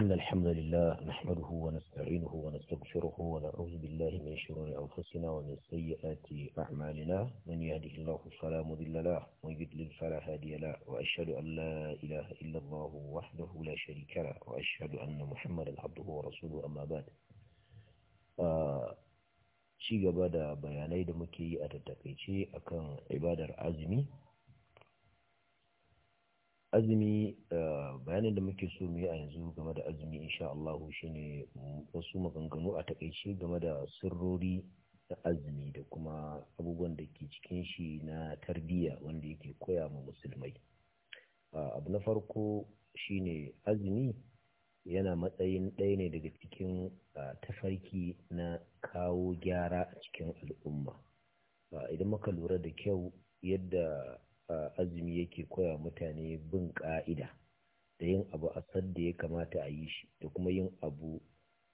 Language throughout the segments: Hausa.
إن الحمد لله نحمده ونستعينه ونستغفره ونعوذ بالله من شرور أنفسنا ومن سيئات أعمالنا من يهده الله فلا مضل له ومن يضلل فلا هادي له وأشهد أن لا إله إلا الله وحده لا شريك له وأشهد أن محمدا عبده ورسوله أما بعد ci gaba da bayanai da muke yi a tattakaice akan ibadar azumi azumi eh, bayanin da muke so mu yi a yanzu game da azumi insha Allah shine wasu maganganu a takaice game da sirrori na azumi da kuma abubuwan da ke cikin shi na tarbiyya wanda yake koya ma musulmai abu na farko shine azumi yana matsayin ɗaya ne daga cikin tafarki na kawo gyara a cikin al'umma idan muka lura da kyau yadda azumi yake koya mutane bin ƙa'ida da yin abu a sadda ya kamata a yi shi da kuma yin abu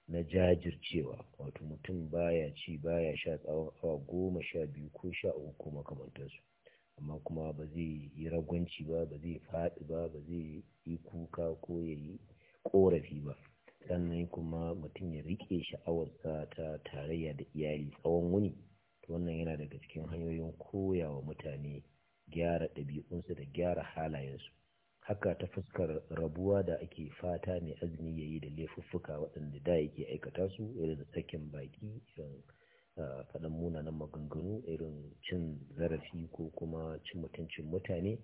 na jajircewa wato mutum baya ci baya sha tsawon awa goma sha biyu ko sha uku ko makamantarsu amma kuma ba zai yi ragwanci ba ba zai faɗi ba ba zai yi kuka ko ya yi ƙorafi ba sannan kuma mutum ya riƙe sha'awarsa ta tarayya da iyali tsawon wuni to wannan yana daga cikin hanyoyin koya wa mutane gyara ɗabi'unsu da gyara halayensu haka ta fuskar rabuwa da ake fata mai azumi ya yi da laifuffuka waɗanda da yake aikata su irin sakin baki irin faɗan munanan maganganu irin cin zarafi ko kuma cin mutuncin mutane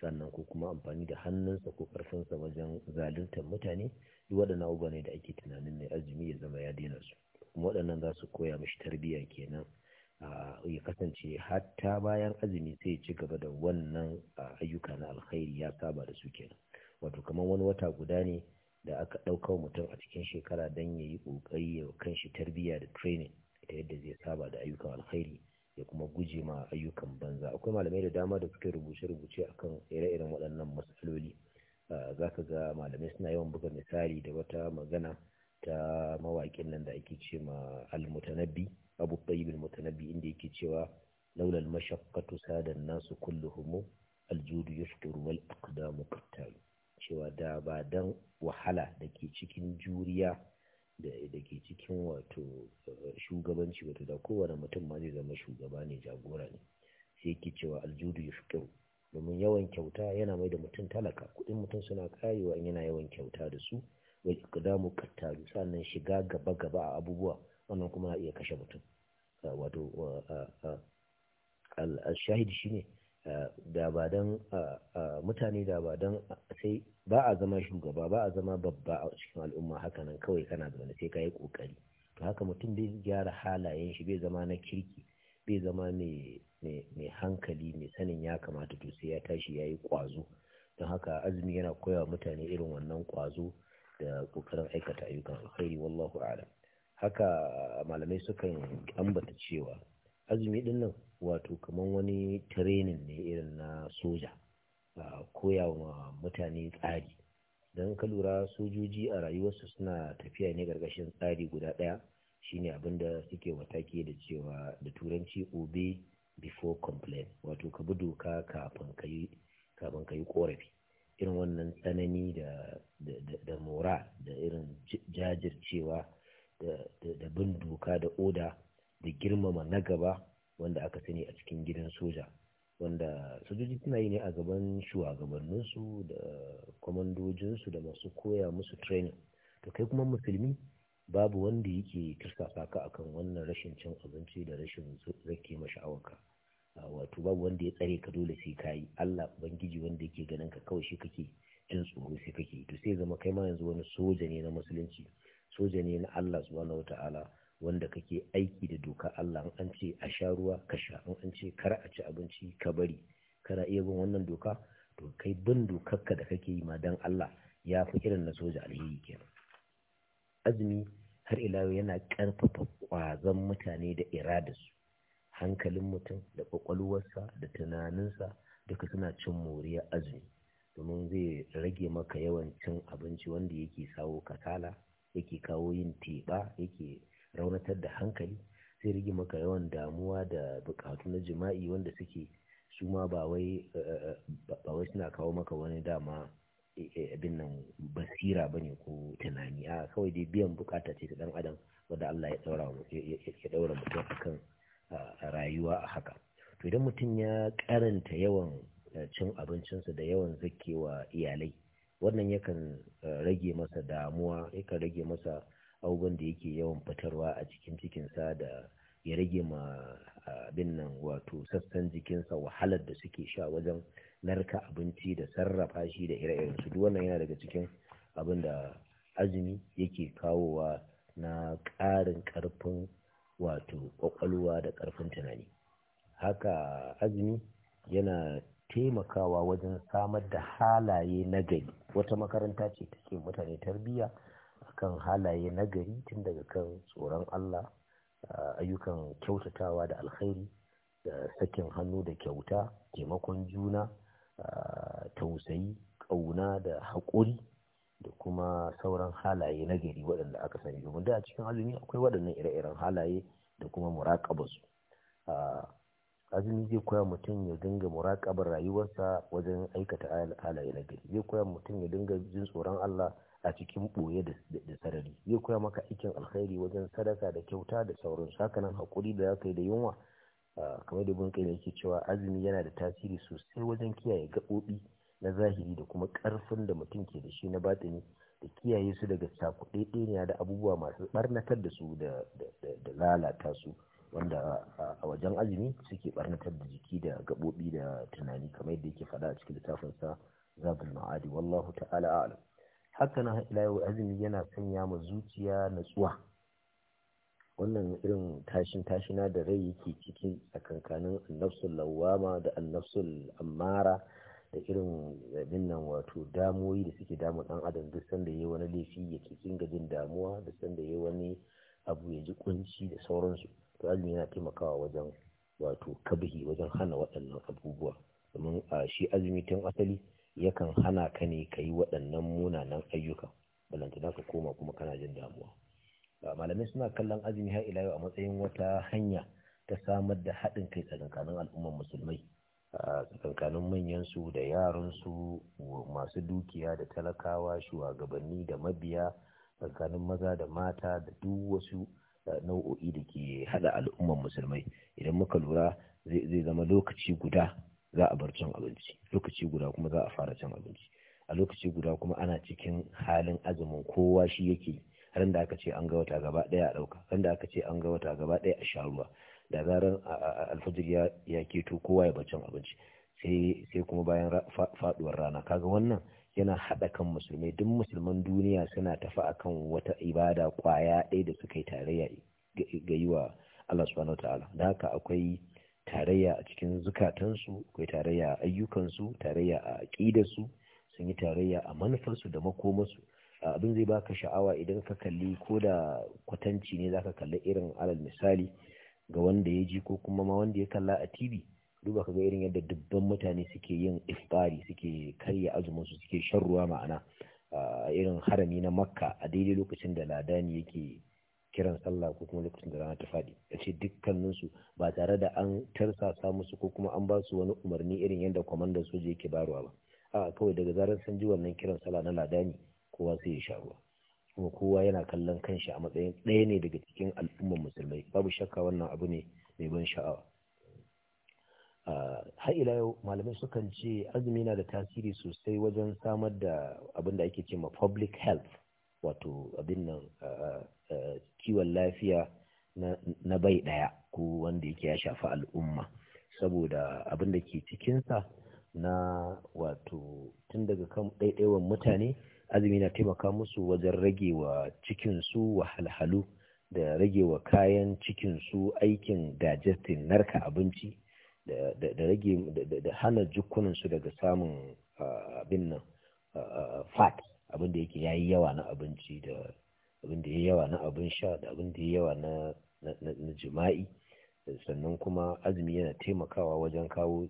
sannan ko kuma amfani da hannunsa ko ƙarfinsa wajen zaluntar mutane duk waɗannan abubuwa ne da ake tunanin mai azumi ya zama ya daina su kuma waɗannan za su koya mashi tarbiyya kenan ya kasance hatta bayan azumi sai ci gaba da wannan ayyuka na alkhairi ya saba da su kenan wato kamar wani wata guda ne da aka ɗaukar mutum a cikin shekara don ya yi ƙoƙari ya shi tarbiyya da training ta yadda zai saba da ayyukan alkhairi ya kuma guje ma ayyukan banza akwai malamai da dama da suke rubuce-rubuce a kan ire-iren waɗannan matsaloli za ka ga malamai suna yawan buga misali da wata magana ta mawaƙin nan da ake ce ma almutanabbi abu tayyib mutanabbi inda yake cewa laulal mashakkatu mashaqqatu sada nasu kulluhum al-judu wal aqdamu qattalu cewa da ba dan wahala da ke cikin juriya da ke cikin wato eh, shugabanci wato da kowane mutum ma zai zama shugaba ne jagora ne sai yake cewa aljudu ya domin yawan kyauta yana mai da mutum talaka kuɗin mutum suna karewa in yana yawan kyauta da su wal iqdamu qattalu sannan shiga gaba gaba a abubuwa wannan kuma na iya kashe mutum ah, wato al-shahid shine ah, da ba don mutane da ba don sai ba a zama shugaba ba a zama babba a cikin al'umma hakanan kawai kana zama sai ka yi kokari to haka mutum bai gyara halayen shi bai zama na kirki bai zama mai hankali mai sanin ya kamata to sai ya tashi ya yi kwazo don haka azumi yana koyawa mutane irin wannan kwazo da kokarin aikata ayyukan alkhairi wallahu a'lam haka malamai sukan ambata cewa azumi din nan wato kamar wani training ne irin na soja koya wa mutane tsari don ka lura sojoji a rayuwarsu suna tafiya ne gargashin tsari guda ɗaya shine abin da suke wataki da cewa da turanci obey before complain wato ka bi doka kafin ka yi korafi irin wannan tsanani da mora da irin jajircewa da bin doka da oda da girmama na gaba wanda aka sani a cikin gidan soja wanda sojoji suna yi ne a gaban shugabanninsu da kwamandojinsu da masu koya musu training to kai kuma musulmi babu wanda yake tursasa ka akan wannan rashin cin abinci da rashin zake masha'awarka wato babu wanda ya tsare ka dole sai ka yi allah ubangiji wanda yake ganin ka kawai shi kake jin tsoro sai kake to sai zama kai ma yanzu wani soja ne na musulunci soja ne na Allah subhanahu ta'ala wanda kake aiki da doka Allah an ce a sha ruwa ka sha an ce kar a ci abinci ka bari kana iya bin wannan doka to kai bin dokarka da kake yi ma dan Allah ya fi irin na soja alheri kenan azumi har ila yana karfafa kwazon mutane da iradarsu hankalin mutum da kwakwalwarsa da tunaninsa duka suna cin moriya azumi domin zai rage maka yawan cin abinci wanda yake sawo kasala yake kawo yin teɓa yake raunatar da hankali sai rigi maka yawan damuwa da bukatu na jima'i wanda suke su ma eh, ba wai suna kawo maka wani dama eh, abin nan basira bane ko tunani a kawai dai biyan bukata ce ta dan adam wanda Allah ya ɗaura ya daura mutum akan rayuwa a haka to idan mutum ya karanta yawan eh, cin abincinsa da yawan zakewa iyalai wannan yakan eh, rage masa damuwa yakan rage masa abubuwan da yake yawan fitarwa a cikin cikinsa da ya rage ma eh, abin nan wato sassan jikinsa wahalar da suke sha wajen narka abinci da sarrafa shi da ire-iren su duk wannan yana daga cikin abin da azumi yake kawowa na ƙarin ƙarfin wato ƙwaƙwalwa da ƙarfin tunani haka azumi yana taimakawa wajen samar da halaye nagari, wata makaranta ce take mutane tarbiyya akan halaye nagari tun daga kan tsoron Allah ah, ayyukan kyautatawa da alkhairi da sakin hannu da kyauta taimakon juna ah, tausayi ƙauna da haƙuri da kuma sauran halaye nagari waɗanda aka sani domin da cikin azumi akwai waɗannan ire-iren halaye da kuma muraƙabarsu ah, azumi zai koya mutum ya dinga muraƙabar rayuwarsa wajen aikata halaye na gari zai koya mutum ya dinga jin tsoron Allah a cikin ɓoye da sarari zai koya maka aikin alkhairi wajen sadaka da kyauta da sauransu hakanan haƙuri da za yi da yunwa kamar da bunƙai yake cewa azumi yana da tasiri sosai wajen kiyaye gaɓoɓi na zahiri da kuma ƙarfin da mutum ke da shi na batini da kiyaye su daga cakuɗe ɗaya da abubuwa masu ɓarnatar da su da lalata su wanda a wajen azumi suke barnatar da jiki da gaɓoɓi da tunani kamar yadda yake faɗa a cikin sa zabul ma'adi wallahu ta'ala a'lam haka na ila yau azumi yana sanya ma zuciya natsuwa wannan irin tashin tashina da rai yake ciki kankanin annafsul lawama da annafsul ammara da irin abin wato damoyi da suke damu dan adam duk sanda yayi wani laifi yake kinga jin damuwa da sanda yayi wani abu ya ji kunci da sauransu to yana taimakawa wajen wato kabihi wajen hana waɗannan abubuwa domin a shi azumi tun asali yakan hana ka ne ka yi waɗannan munanan ayyuka balantana ka koma kuma kana jin damuwa malamai suna kallon azumi har ila yau a matsayin wata hanya ta samar da haɗin kai tsakanin al'ummar musulmai tsakankanin manyan su da yaran su masu dukiya da talakawa shugabanni da mabiya tsakanin maza da mata da duk wasu nau'o'i da ke hada al'umman musulmai idan muka lura zai zama lokaci guda za a bar cin abinci lokaci guda kuma za a fara cin abinci a lokaci guda kuma ana cikin halin azumin kowa shi yake ran da aka ce an ga wata gaba daya a dauka ran da aka ce an ga wata gaba daya a sharuwa da zaran alfajir ya ya keto kowa ya bar can abinci sai sai kuma bayan faduwar rana kaga wannan yana haɗa kan musulmi, duk musulman duniya suna tafi akan wata ibada kwaya ɗaya da suka yi tarayya ga yi wa Allah subhanahu ta'ala da haka akwai tarayya a cikin zukatansu akwai tarayya a ayyukansu tarayya a aƙidarsu sun yi tarayya a manufarsu da makomarsu abin zai baka sha'awa idan ka kalli ko da kwatanci ne zaka kalli irin alal misali ga wanda ya ji ko kuma ma wanda ya kalla a TV duba ga irin yadda dubban mutane suke yin iftari suke karya azumin su suke shan ruwa ma'ana a irin harami na makka a daidai lokacin da ladani yake kiran sallah ko kuma lokacin da rana ta faɗi ya ce dukkaninsu ba tare da an tarsasa musu ko kuma an ba su wani umarni irin yadda kwamandan soja yake barwa ba a kawai daga zarar san ji wannan kiran sallah na ladani kowa sai ya sha ruwa kuma kowa yana kallon kanshi a matsayin ɗaya ne daga cikin al'ummar musulmai babu shakka wannan abu ne mai ban sha'awa har ila yau malamai sukan ce azumi na da tasiri sosai wajen samar da abin da ake ce ma public health wato abin nan kiwon lafiya na bai daya ko wanda yake ya shafi al'umma saboda abin da ke cikinsa na wato tun daga kan ɗaiɗaiwan mutane azumi na taimaka musu wajen rage wa cikinsu wahalhalu da rage wa kayan cikinsu aikin digestin narka abinci da rage da hana jukunansu daga samun abin nan fat abin da yake yayi yawa na abinci da abin da yayi yawa na abin sha da abin da yayi yawa na jima'i sannan kuma azumi yana taimakawa wajen kawo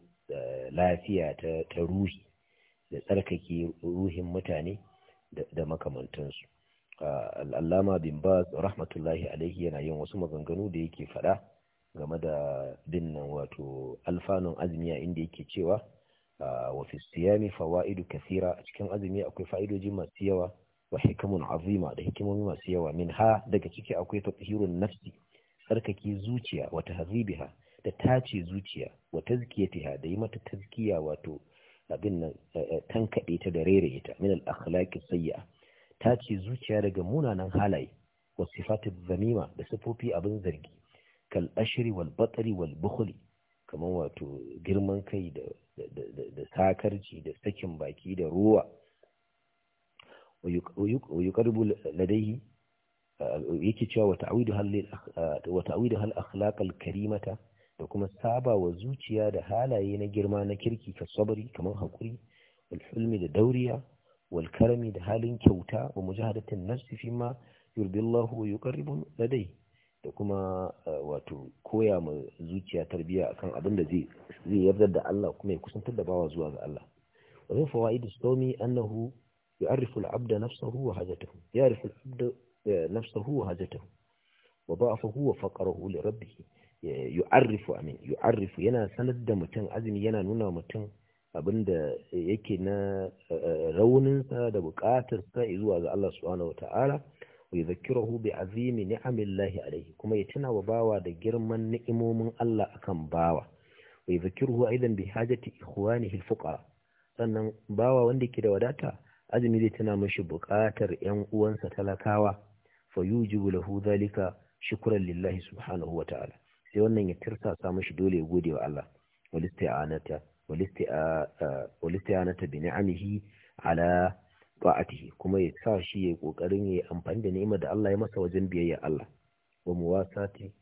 lafiya ta ruhi da tsarkake ruhin mutane da makamantansu al'allama bin Bas rahmatullahi alaihi yana yin wasu maganganu da yake faɗa game da dinnan wato alfanun azumi a inda yake cewa ah, wa fi siyami fawaidu kathira a cikin azumi akwai fa'idoji masu yawa wa hikamun azima da hikimomi masu yawa min ha daga ciki akwai tathirun nafsi tsarkake zuciya wa tahzibiha da tace zuciya wa tazkiyatiha da yi mata tazkiya wato abin nan eh, eh, tankaɗe ta da rere ita min al-akhlaqi sayya tace zuciya daga munanan halaye wa sifatu zamima da sifofi abin zargi Kal'ashiri walbatsari wal kamar wato girman kai da da sakarci da sakin baki da ruwa wa yuqarribu ladayhi yake cewa wa ta'awidu hal wa karimata da kuma saba wa zuciya da halaye na girma na kirki ka sabari kamar hakuri wal hulmi da dauriya wal karami da halin kyauta wa mujahadatin nafsi fi ma yurbillahu wa yuqarribu ladayhi da kuma eh, wato koya ma zuciya tarbiyya akan abin da zai zai yarda da Allah kuma ya kusantar da bawa zuwa ga Allah wa min fawaid sawmi annahu ya'rifu al-'abda nafsahu wa hajatahu ya'rifu al-'abda eh, nafsahu wa hajatahu wa da'afahu wa faqrahu li rabbih ya'rifu amin ya'rifu yana sanar da mutum azumi yana nuna mutum abin da yake na eh, rauninsa da bukatarsa zuwa ga Allah subhanahu wa ta'ala wa yadhkuruhu bi azimi lahi alayhi kuma ya tuna wa bawa da girman ni'imomin Allah akan bawa wa yadhkuruhu aidan bi hajati ikhwanihi al sannan bawa wanda yake da wadata azumi zai tana mishi bukatar ƴan uwansa talakawa fa yujibu lahu dhalika shukran lillahi subhanahu wa ta'ala sai wannan ya tirsasa mishi dole ya gode wa Allah wal isti'anata wal isti'anata bi ni'amihi ala ta'atihi kuma ya sa shi ya kokarin ya amfani da ni'imar da Allah ya masa wajen biyayya Allah wa muwasati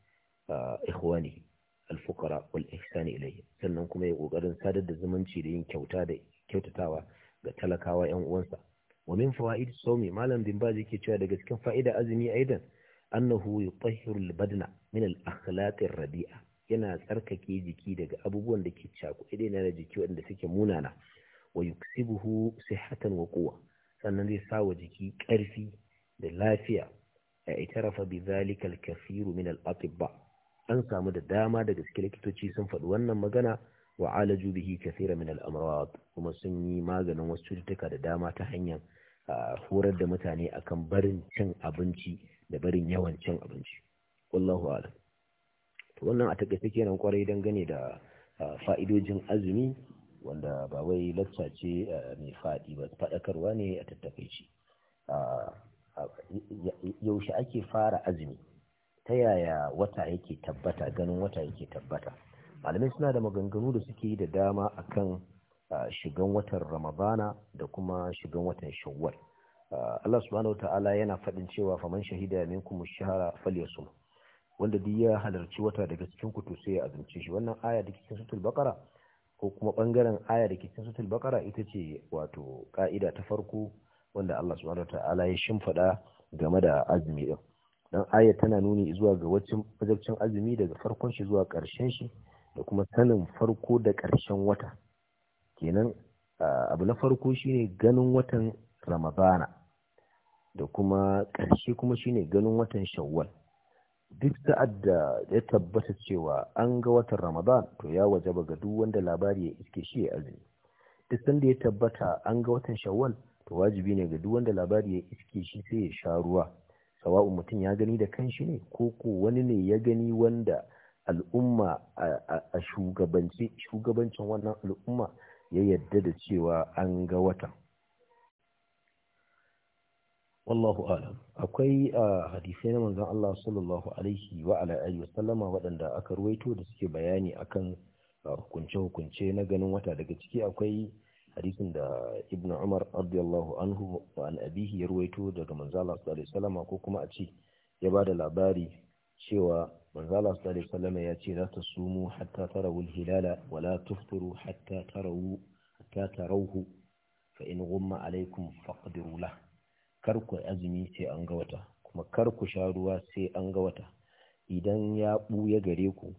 ikhwani al-fuqara wal ihsan ilayhi sannan kuma ya kokarin sadar da zumunci da yin kyauta da kyautatawa ga talakawa yan uwansa wa min fawaid sawmi malam bin baji yake cewa daga cikin fa'ida azumi aidan annahu yutahhiru al-badna min al-akhlaq ar-radi'a yana tsarkake jiki daga abubuwan da ke cakuɗe da jiki waɗanda suke munana wa yuksibuhu sihhatan wa quwwa sannan zai sa wa jiki ƙarfi da lafiya a itarafa bi zalika min al-atibba an samu da dama daga cikin likitoci sun faɗi wannan magana wa alaju bihi kasira min al-amrad kuma sun yi maganin wasu cututtuka da dama ta hanyar horar da mutane akan barin cin abinci da barin yawan cin abinci wallahu a'lam wannan a takaice kenan kwarai dangane da fa'idojin azumi wanda ba wai lacca ce mai faɗi ba faɗakarwa ne a tattakaici yaushe ake fara azumi ta yaya wata yake tabbata ganin wata yake tabbata malamai suna da maganganu da suke yi da dama akan shigan watan ramadana da kuma shigan watan shawwal Allah subhanahu ta'ala yana faɗin cewa faman shahida minkum shahara falyasum wanda duk ya halarci wata daga cikin ku to sai ya azumce shi wannan aya da cikin suratul baqara ko kuma bangaren aya da ke cikin suratul baqara ita ce wato ka'ida ta farko wanda Allah subhanahu wataala ya shimfada game da azumi din dan aya tana nuni zuwa ga wacin fajabcin azumi daga farkon shi zuwa ƙarshen shi da kuma sanin farko da ƙarshen wata kenan abu na farko shine ganin watan ramadana da kuma ƙarshe kuma shine ganin watan shawwal duk sa'ad da ya tabbata cewa an ga watan ramadan to ya wajaba ga duk wanda labari ya iske shi ya azumi duk sanda ya tabbata an ga watan shawwal to wajibi ne ga duk wanda labari ya iske shi sai ya sha ruwa sawa'un mutum ya gani da kanshi ne ko ko wani ne ya gani wanda al'umma a shugabancin wannan al'umma ya yadda da cewa an ga watan wallahu alam akwai hadisai na manzon Allah sallallahu alaihi wa ala alihi waɗanda aka ruwaito da suke bayani akan hukunce-hukunce na ganin wata daga ciki akwai hadisin da ibnu umar radiyallahu anhu wa an abihi ya ruwaito daga manzala sallallahu ko kuma a ce ya ba da labari cewa manzala sallallahu ya ce za ta sumu hatta tarawul hilala wala tufturu hatta tarawu hatta tarawhu fa in ghumma alaikum faqdiru lahu kar ku azumi sai an ga wata kuma kar ku sha ruwa sai an ga wata idan ya ɓuya gare ku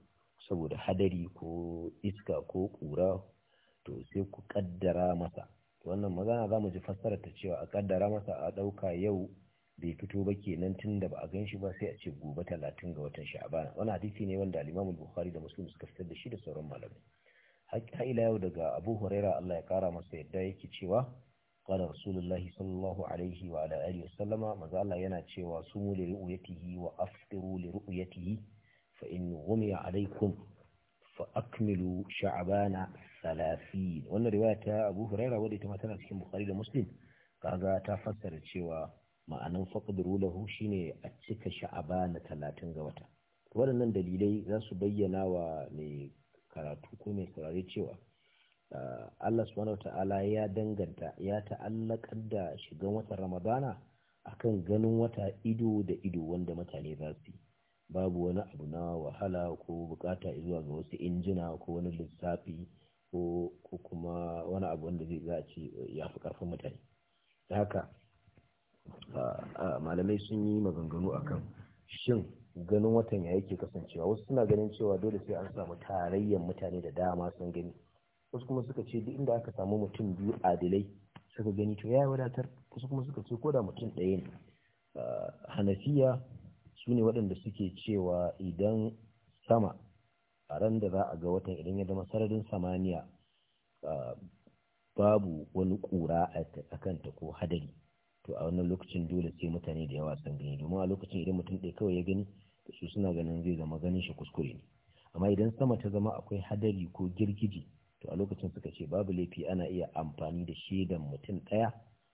saboda hadari ko iska ko ƙura to sai ku ƙaddara masa wannan magana za mu ji fassara ta cewa a ƙaddara masa a ɗauka yau bai fito ba kenan tun da ba a gan shi ba sai a ce gobe talatin ga watan sha'aban wani hadisi ne wanda al bukhari da muslim suka fitar da shi da sauran malamai har ila yau daga abu huraira allah ya kara masa yadda yake cewa qala rasulullahi sallallahu alaihi wa ala alihi wasallama yana cewa sumu li ru'yatihi wa afṭiru li ru'yatihi fa in ghumiya alaikum fa akmilu sha'bana 30 wannan riwaya ta Abu huraira wadda ita ma tana cikin Bukhari da Muslim kaga ta fassara cewa ma'anan faqduru lahu shine a cika sha'abana 30 ga wata waɗannan dalilai za su bayyana wa mai karatu ko mai saurare cewa Ah, Allah subhanahu ta'ala ya danganta ya ta'allakar da shigan watan ramadana akan ganin wata ido da ido wanda mutane za su babu wani abu na wahala ko bukata zuwa ga wasu injina ko wani lissafi ko kuma wani abu wanda zai za a ce ya fi karfin mutane da haka ah, ah, malamai sun yi maganganu akan shin ganin watan ya yake kasancewa wasu suna ganin cewa dole sai an samu tarayyar mutane da dama sun gani wasu kuma suka ce duk inda aka samu mutum biyu adilai suka gani to ya wadatar wasu kuma suka ce koda mutum ɗaya ne hanafiya su ne waɗanda suke cewa idan sama a ran da za a ga watan idan ya zama sararin samaniya babu wani ƙura a kanta ko hadari to a wannan lokacin dole sai mutane da yawa san gani domin a lokacin idan mutum ɗaya kawai ya gani su suna ganin zai zama ganin shi kuskure ne amma idan sama ta zama akwai hadari ko girgiji to a lokacin suka ce babu laifi ana iya amfani da shaidan mutum ɗaya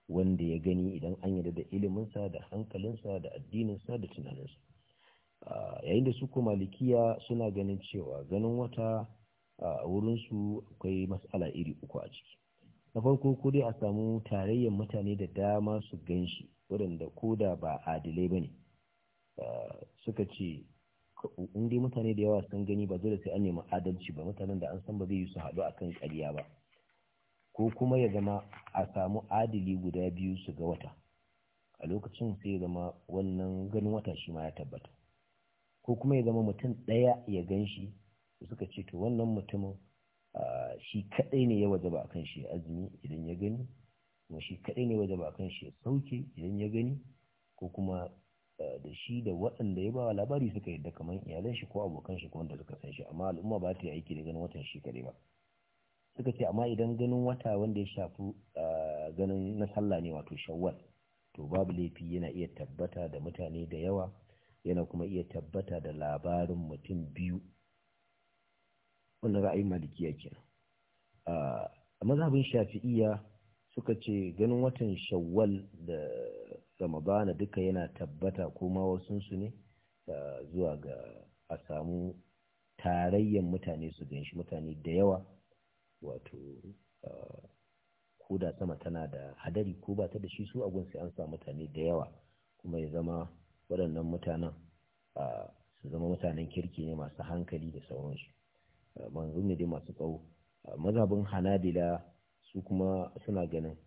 wanda ya gani idan an yarda da iliminsa da hankalinsa da addininsa da tunaninsa yayin da su ko malikiya suna ganin cewa ganin wata a wurinsu akwai matsala iri uku a ciki na farko ko dai a samu tarayyar mutane da dama su ganshi shi waɗanda ko da ba adilai ba ne suka ce in dai mutane da yawa sun gani ba dole sai an nemi adalci ba mutanen da an san ba zai yi su haɗu a kan ƙarya ba ko kuma ya zama a samu adili guda biyu su ga wata a lokacin sai ya zama wannan ganin wata shi ma ya tabbata ko kuma ya zama mutum ɗaya ya gan shi suka ce to wannan mutumin shi kaɗai ne ya wajaba kan shi azumi idan ya gani kuma shi kaɗai ne ya wajaba kan shi ya sauke idan ya gani ko kuma da shi da waɗanda ya bawa labari suka yadda kamar iyalan shi ko abokan shi ko wanda suka san shi amma al'umma ba ta yi aiki da ganin watan shi kaɗai ba suka ce amma idan ganin wata wanda ya shafi ganin na sallah ne wato shawwal to babu laifi yana iya tabbata da mutane da yawa yana kuma iya tabbata da labarin mutum biyu wannan ra'ayin malikiya kenan a mazhabin shafi'iya suka ce ganin watan shawwal da ramadana duka yana tabbata kuma wasunsu ne zuwa ga a samu tarayyan mutane su ganshi mutane da yawa wato ko da sama tana da hadari ko ba ta da shi su agun sai an samu mutane da yawa kuma ya zama waɗannan mutanen su zama mutanen kirki ne masu hankali da sauransu manzo ne dai masu tsawo mazhabin hanabila su kuma suna ganin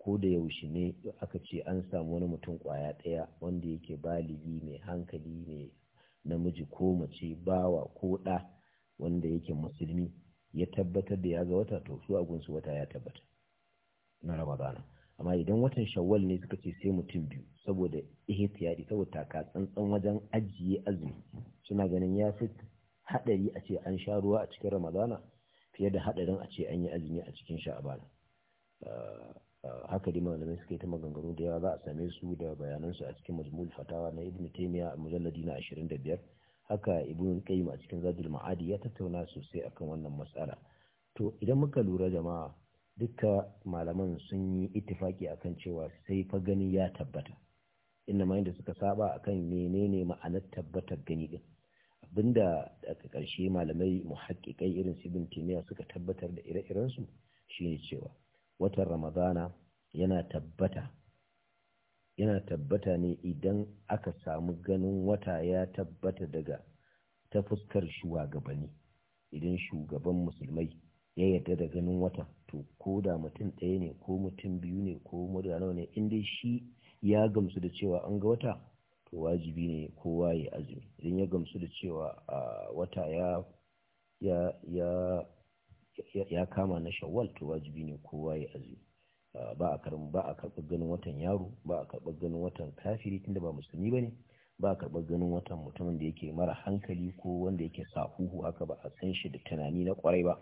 ko da yaushe ne aka ce an samu wani mutum kwaya ɗaya wanda yake baligi mai hankali ne namiji ko mace bawa ko ɗa wanda yake musulmi ya tabbatar da ya ga wata to su agunsu wata ya tabbata na ramadana amma idan watan shawwal ne suka ce sai mutum biyu saboda ihtiyadi saboda taka tsantsan wajen ajiye azumi suna ganin ya fi haɗari a ce an sha ruwa a cikin ramadana fiye da haɗarin a ce an yi azumi a cikin sha'abana ah, haka dai malamai suka yi ta maganganu da yawa za a same su da bayanansu a cikin mazmul fatawa na ibn taymiya a mujalladi na 25 haka ibn qayyim a cikin zadul ma'adi ya tattauna sosai akan wannan matsala to idan muka lura jama'a dukka malaman sun yi ittifaki akan cewa sai fa gani ya tabbata inna ma da suka saba akan menene ma'anar tabbatar gani din abinda daga ƙarshe malamai muhaqqiqai irin su ibn taymiya suka tabbatar da ire-irensu shine cewa watan ramadana yana tabbata yana tabbata ne idan aka samu ganin wata ya tabbata daga ta fuskar shugabanni idan shugaban musulmai ya yarda da ganin wata to ko da mutum ɗaya ne ko mutum biyu ne ko murna ne inda shi ya gamsu da cewa an ga wata to wajibi ne kowa ya azumi idan ya gamsu da cewa ah, wata ya ya ya kama na shawwal to wajibi ne kowa ya azumi ah, ba a ba a karɓi ganin watan yaro ba a karɓi ganin watan kafiri tunda ba musulmi bane ba a karɓi ganin watan mutumin da yake mara hankali ko wanda yake sahuhu haka ba a san shi da tunani na kwarai ba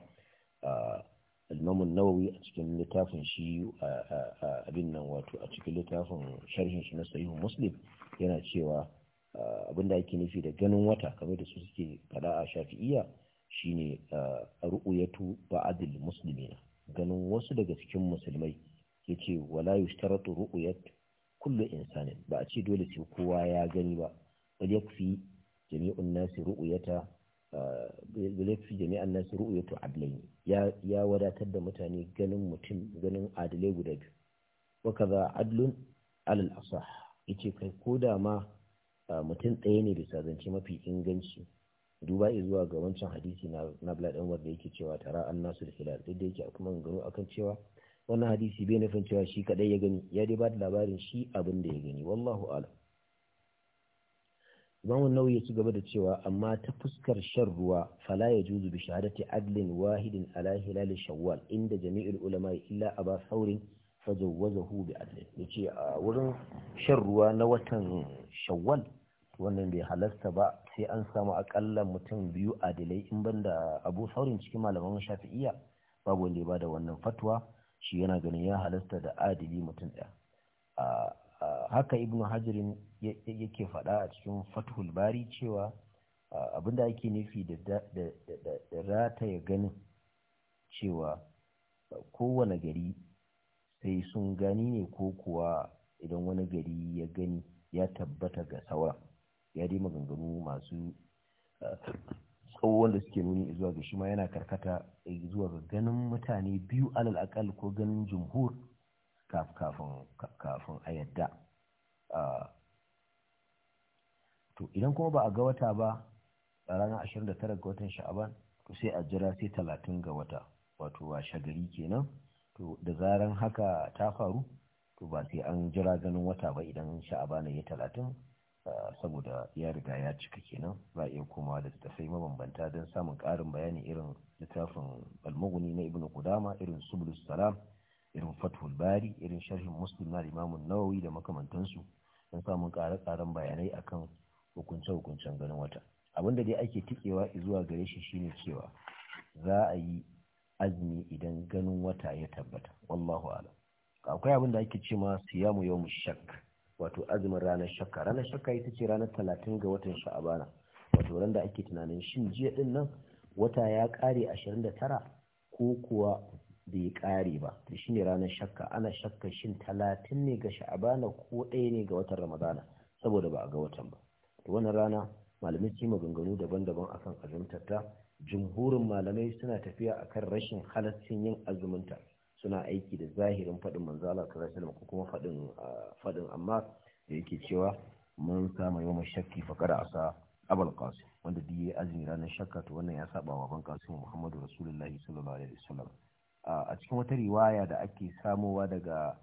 ah, Imam nawawi a cikin littafin shi ah, abin nan wato a cikin littafin sharhin shi na sahihu muslim yana cewa abin da ake nufi da ganin wata kamar da su suke fada a shafi'iyya shine eh, ru'yatu musulmi muslimina ganin wasu daga cikin musulmai yace wala yushtaratu ru'yat kullu insanin ba a ce dole sai kowa ya gani ba bal jami'un nasi eh, jami'an nasi ru'yatu adlain ya wadatar da mutane ganin mutum ganin adalai guda biyu wa kaza adlun alal asah yace kai ko da ma eh, mutum ɗaya ne bisa zance mafi inganci duba zuwa ga wancan hadisi na na Abdullahi Umar da yake cewa tara annasu da hilal duk da yake akwai gano akan cewa wannan hadisi bai nufin cewa shi kadai ya gani ya dai bada labarin shi abin da ya gani wallahu a'lam Imam Nawawi ya ci gaba da cewa amma ta fuskar shan ruwa fala ya juzu bi shahadati adlin wahidin ala hilal shawwal inda jami'ul ulama illa aba saurin fazawwazahu bi adlin yace a wurin shan ruwa na watan shawwal wannan bai halasta ba sai an samu akalla mutum biyu adilai in banda abu saurin cikin malaman shafi'iyya babu wanda ya bada wannan fatwa shi yana ganin ya halasta da adili mutum ɗaya haka ibn hajirin yake faɗa a cikin fathul bari cewa abinda ake nufi da rata ya gani cewa kowane gari sai sun gani ne ko kuwa idan wani gari ya gani ya tabbata ga sauran ya dai maganganu masu eh, tsawon da suke nuni zuwa ga shi ma yana karkata eh, zuwa ga ganin mutane biyu alal akal ko ganin jumhur kafin a yadda ah, to idan kuma ba a ga wata ba a ranar 29 ga watan sha'aban to sai a jira sai talatin ga wata wato wa gari kenan to da zaran haka ta faru to ba sai an jira ganin wata ba idan sha'aban ya talatin. Ah, saboda ya riga ya cika kenan za a iya komawa da tafai mabambanta don samun ƙarin bayani irin littafin almuguni na ibnu kudama irin subulus salam irin fathul bari irin sharhin muslim na imamun nawawi da makamantansu don samun ƙare-ƙaren bayanai akan hukunce-hukuncen ganin wata abin da dai ake tikewa zuwa gare shi shine cewa za a yi azumi idan ganin wata ya tabbata wallahu alam akwai abin da ake ce ma siyamu yawmu shakk wato azumin ranar shakka ranar shakka ita ce ranar talatin ga watan sha'abana wato ran da ake tunanin shin jiya din nan wata ya kare ashirin da tara ko kuwa bai kare ba to shine ranar shakka ana shakka shin talatin ne ga sha'abana ko ɗaya ne ga watan ramadana saboda ba a ga watan ba to wannan rana malamai su maganganu daban-daban akan azumtar ta jumhurin malamai suna tafiya akan rashin halaccin yin azuminta suna aiki da zahirin faɗin manzo Allah sallallahu alaihi ko kuma faɗin faɗin amma da yake cewa mun samu yau shakki fa kada asa abul qasim wanda duk azumi ranar shakka to wannan ya saba wa ban qasim Muhammadu Rasulullahi sallallahu alaihi wasallam a cikin wata riwaya da ake samowa daga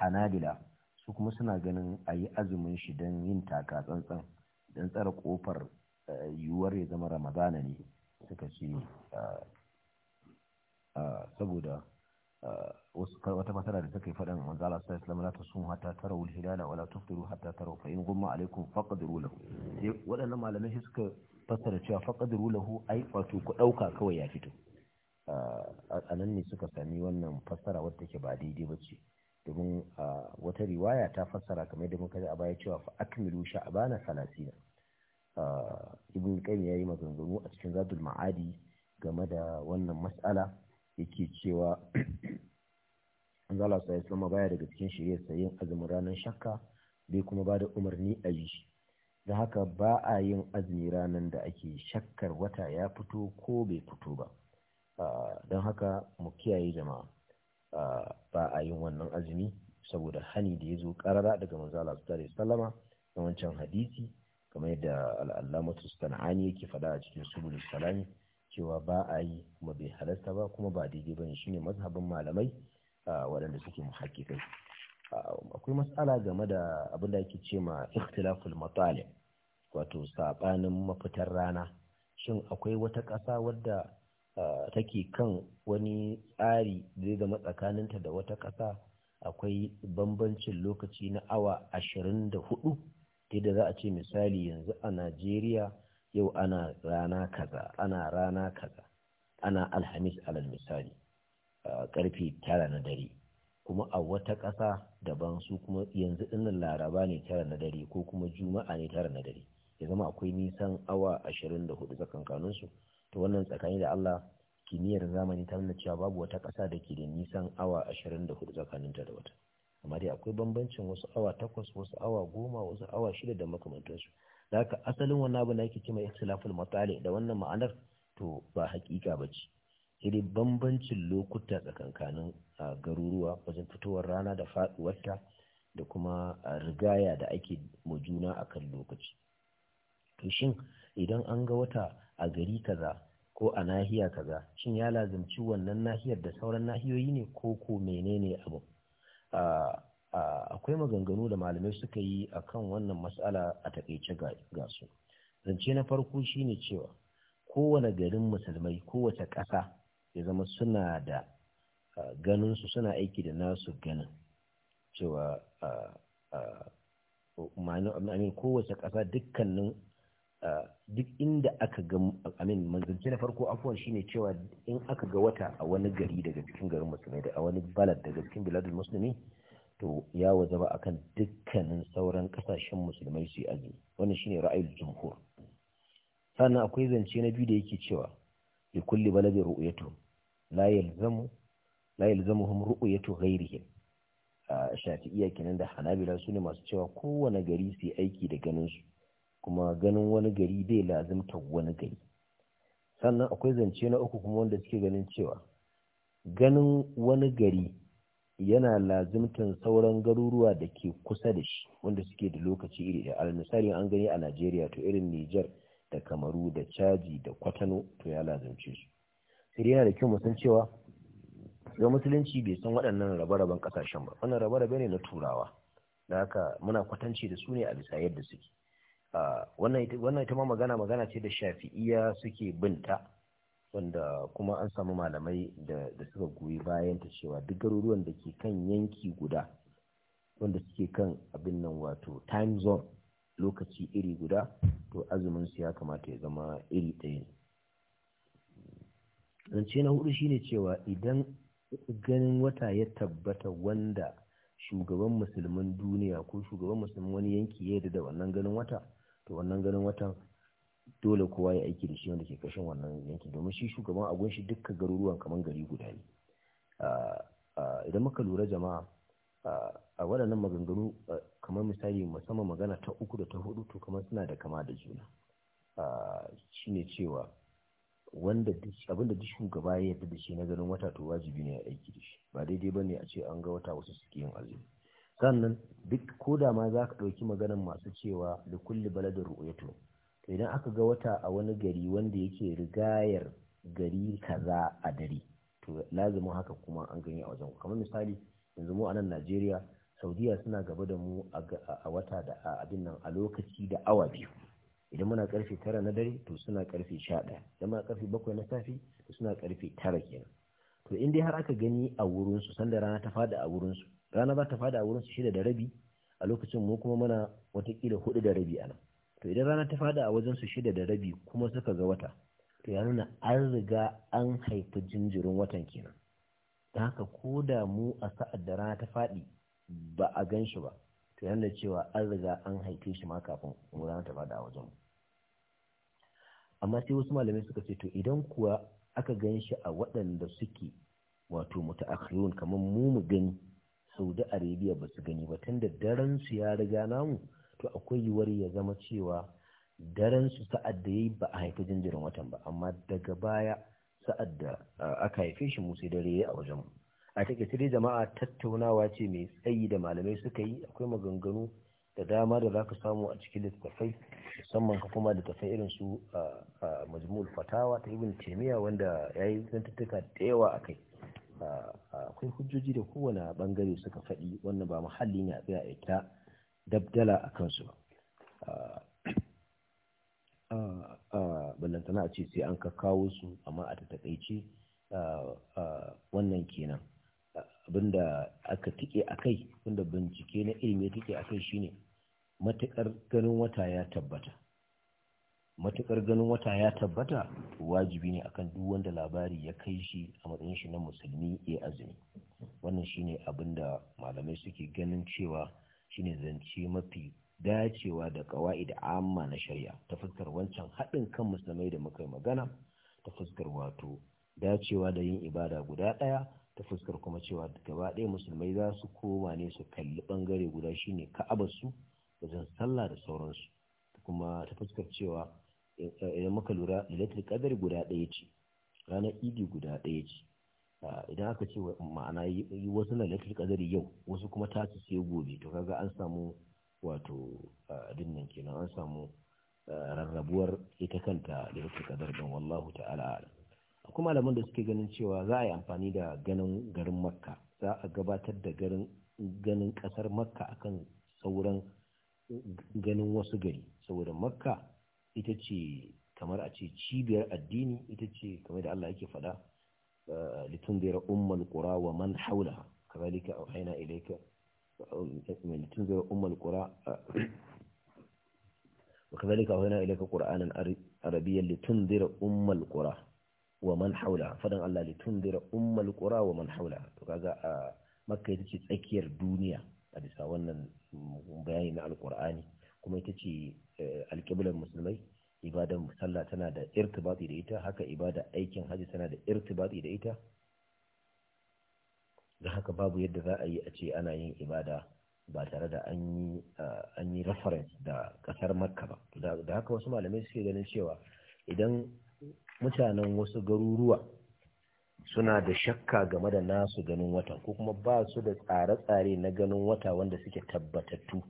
Hanabila su kuma suna ganin a yi azumin shi don yin taka tsantsan don tsara kofar yiwuwar ya zama ramadana ne suka ce saboda wasu wata matsala da take faɗan manzo Allah sallallahu alaihi wasallam la tasum hatta al-hilala wala tuftiru hatta tarawu fa in gumma alaikum faqdiru lahu waɗannan malamai shi suka fassara cewa faqdiru lahu ai wato ku dauka kawai ya fito a nan ne suka sami wannan fassara wadda take ba daidai ba ce domin wata riwaya ta fassara kamar da muka a baya cewa fa akmilu sha'bana salasina ibn qayyim yayi maganganu a cikin zadul ma'adi game da wannan mas'ala yake cewa zala sai islama baya daga cikin shirye yin azumin ranar shakka bai kuma bada umarni a yi da haka ba a yin azumi ranar da ake shakkar wata ya fito ko bai fito ba don haka mu kiyaye jama'a ba a yin wannan azumi saboda hani da ya zo karara daga manzala su tare salama na wancan hadisi kamar yadda al'allamatu sana'ani yake faɗa a cikin subul salami cewa ba a yi kuma bai halarta ba kuma ba daidai ba ne shi ne mazhabin malamai waɗanda suke muhakkikai akwai matsala game da abin da ake ce ma ikhtilaful matalib wato sabanin mafitar rana shin akwai wata ƙasa wadda take kan wani tsari zai zama tsakaninta da wata ƙasa akwai bambancin lokaci na awa ashirin da hudu da za a ce misali yanzu a najeriya yau ana rana kaza ana rana kaza ana alhamis alal misali karfe tara na dare kuma a wata ƙasa daban su kuma yanzu dinnan laraba ne tara na dare ko kuma juma'a ne tara na dare ya zama akwai nisan awa ashirin da hudu tsakankanin su to wannan tsakani da Allah kimiyyar zamani ta nuna cewa babu wata ƙasa da ke da nisan awa ashirin da hudu ta da wata amma dai akwai bambancin wasu awa takwas wasu awa goma wasu awa shida da makamantansu asalin wani abu na ake ce mai ikhtilaful matali da wannan ma'anar to ba hakika ba ce sai dai bambancin lokuta tsakankanin garuruwa wajen fitowar rana da faduwarta da kuma rigaya da ake juna a kan lokaci to shin idan an ga wata a gari kaza ko a nahiya kaza shin ya lazimci wannan nahiyar da sauran nahiyoyi ne ko ko menene abu Ah, akwai maganganu da malamai suka yi a kan wannan matsala a takaice ga su zance na farko shine cewa kowane garin musulmai kowace ƙasa ya zama suna da ah, ganin su suna aiki da nasu ganin cewa amin ah, kowace ƙasa dukkanin duk inda aka ga amin manzanci na farko afuwan shine cewa in aka ga wata a wani gari daga cikin garin musulmai da a wani balad daga cikin biladul musulmi to ya wajaba akan dukkanin sauran kasashen musulmai su azumi wannan shine ra'ayin jumhur sannan akwai zance na biyu da yake cewa li kulli baladin ru'yatu la yalzamu la yalzamuhum ru'yatu A shafi'iyya kenan da hanabila su ne masu cewa kowane gari su aiki da ganin su kuma ganin wani gari bai lazimta wani gari sannan akwai zance na uku kuma wanda suke ganin cewa ganin wani gari yana lazimtan sauran garuruwa da ke kusa da shi wanda suke da lokaci iri da almisali an gani a Najeriya to irin Nijar da Kamaru da Caji da Kwatano to ya lazimce su sai yana da kyau mu san cewa ga musulunci bai san waɗannan rabe-raben ƙasashen ba wannan rabe-rabe ne na turawa da haka muna kwatanci da su ne a bisa yadda suke ah, wannan ita ma magana magana ce da shafi'iya suke binta wanda kuma an samu malamai da suka goyi bayan ta cewa duk garuruwan da ke kan yanki guda wanda suke kan abin nan wato time zone lokaci iri guda to azumin su ya kamata ya zama iri ɗaya zance na hudu shine cewa idan ganin wata ya tabbata wanda shugaban musulmin duniya ko shugaban musulmin wani yanki ya yarda da wannan ganin wata to wannan ganin watan dole kowa ya aiki da shi wanda ke kashin wannan yankin domin shi shugaban a shi dukkan garuruwan kamar gari guda ne idan muka lura jama'a a waɗannan maganganu kamar misali musamman magana ta uku da ta hudu to kamar suna da kama da juna shine cewa wanda abinda duk shugaba ya yarda da shi na ganin wata to wajibi ne a aiki da shi ba daidai ba ne a ce an ga wata wasu suke yin azumi sannan duk ko da ma za ka ɗauki maganan masu cewa da kulli baladar ru'yatu to idan aka ga wata a wani gari wanda yake rigayar gari kaza a dare to lazimin haka kuma an gani a wajen kamar misali yanzu mu a nan Najeriya Saudiya suna gaba da mu a wata da abin nan a lokaci da awa biyu idan muna karfe tara na dare to suna karfe sha ɗaya idan muna karfe bakwai na safe to suna karfe tara kenan to in dai har aka gani a wurinsu sanda rana ta fada a wurinsu rana ba ta fada a wurinsu shida da rabi a lokacin mu kuma muna watakila hudu da rabi a nan to idan rana ta fada a wajen su shida da rabi kuma suka ga wata to ya nuna an riga an haifi jinjirin watan kenan ta haka ko da mu a sa'ad da rana ta fadi ba a gan shi ba to yana cewa an riga an haife shi ma kafin rana ta fada a wajen amma sai wasu malamai suka ce to idan kuwa aka gan shi a waɗanda suke wato mutaakhirun kamar mu mu gani saudi arabia ba su gani ba tunda daren su ya riga namu to akwai yiwuwar ya zama cewa daren su sa'ad da yayi ba a haifi jinjirin watan ba amma daga baya sa'ad da aka haife shi mu dare a wajen mu a take sai jama'a tattaunawa ce mai tsayi da malamai suka yi akwai maganganu da dama da za ka samu a cikin littattafai musamman ka kuma littattafai irin su Majmul fatawa ta ibn taymiya wanda ya yi zantattaka da yawa a kai akwai hujjoji da kowane bangare suka faɗi wannan ba muhalli ne a tsaya ita dabdala a kansu ah, ah, ah, ballantana a ce sai an ka kawo su amma a takaice wannan kenan abinda aka tike a kai abinda bincike na ilimi tike a kai shine matukar ganin wata ya tabbata matukar ganin wata ya tabbata wajibi ne akan duk wanda labari ya kai shi a matsayin shi na musulmi ya azumi wannan shine abinda malamai suke ganin cewa shine zance mafi dacewa da da amma na shari'a ta fuskar wancan haɗin kan musulmai da muka yi magana ta fuskar wato dacewa da yin ibada guda ɗaya ta fuskar kuma cewa gaba ɗaya musulmai za su koma ne su kalli ɓangare guda shine ka'abarsu wajen sallah da sauransu kuma ta fuskar cewa eh, idan muka lura lailatul qadar guda ɗaya ce ranar idi guda ɗaya ce Ah, idan aka ce ma'ana wasu na laifin qadari yau wasu kuma ta su sai gobe to kaga an samu wato dinnan ah, kenan an samu ah, rarrabuwar ita kanta laifin qadar don wallahu ta'ala akwai malaman da suke ganin cewa za a yi amfani da ganin garin makka za a gabatar da garin ganin kasar makka akan sauran ganin wasu gari saboda makka ita ce kamar a ce cibiyar addini ita ce kamar da Allah yake faɗa لتنذر أم القرى ومن حولها كذلك أوحينا إليك لتنذر أم القرى وكذلك أوحينا إليك قرآنا عربيا لتنذر أم القرى ومن حولها فدن الله لتنذر أم القرى ومن حولها kaga a makka ita ce tsakiyar duniya a bisa wannan bayani na alkur'ani kuma ita ce alƙiblar musulmai ibadan sallah tana da irtibati da ita haka ibada aikin haji tana da irtibati da ita da haka babu yadda za a yi a ce ana yin ibada ba tare da an yi reference da kasar makka ba da haka wasu malamai suke ganin cewa idan mutanen wasu garuruwa suna da shakka game da nasu ganin wata ko kuma ba su da tsare-tsare na ganin wata wanda suke tabbatattu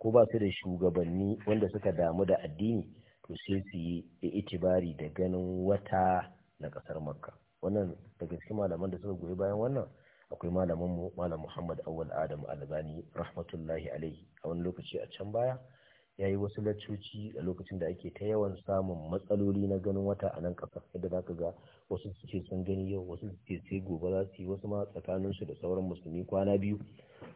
ko ba su da shugabanni wanda suka damu da addini to sai su yi itibari da ganin wata na kasar makka wannan daga cikin malaman da suka goyi bayan wannan akwai malaman mu malam muhammad awwal adam albani rahmatullahi alaihi a wani lokaci a can baya ya yi wasu laccoci a lokacin da ake ta yawan samun matsaloli na ganin wata a nan kasar yadda za ka ga wasu su ce sun gani yau wasu su ce sai gobe za su yi wasu ma tsakaninsu da sauran musulmi kwana biyu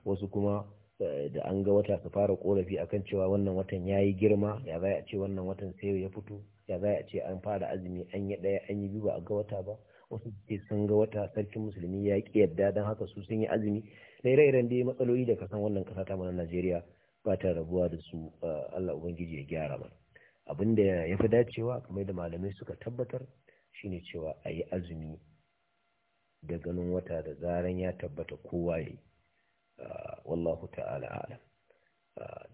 wasu kuma Eh, da an ga wata su fara korafi akan cewa wannan watan ya yi girma ya za a ce wannan watan sai ya fito ya za a ce an fara azumi an yi ɗaya an yi biyu ba a ga wata ba wasu ce sun ga wata sarkin musulmi ya ƙi yadda don haka su sun yi azumi da ire-iren dai matsaloli da kasan wannan ƙasa ta mana najeriya ba ta rabuwa da su eh, allah ubangiji ya gyara ba. abin da ya fi dacewa kamar da malamai suka tabbatar shine cewa a yi azumi da ganin wata da zaran ya tabbata kowa ya yi wallahu ta'ala alam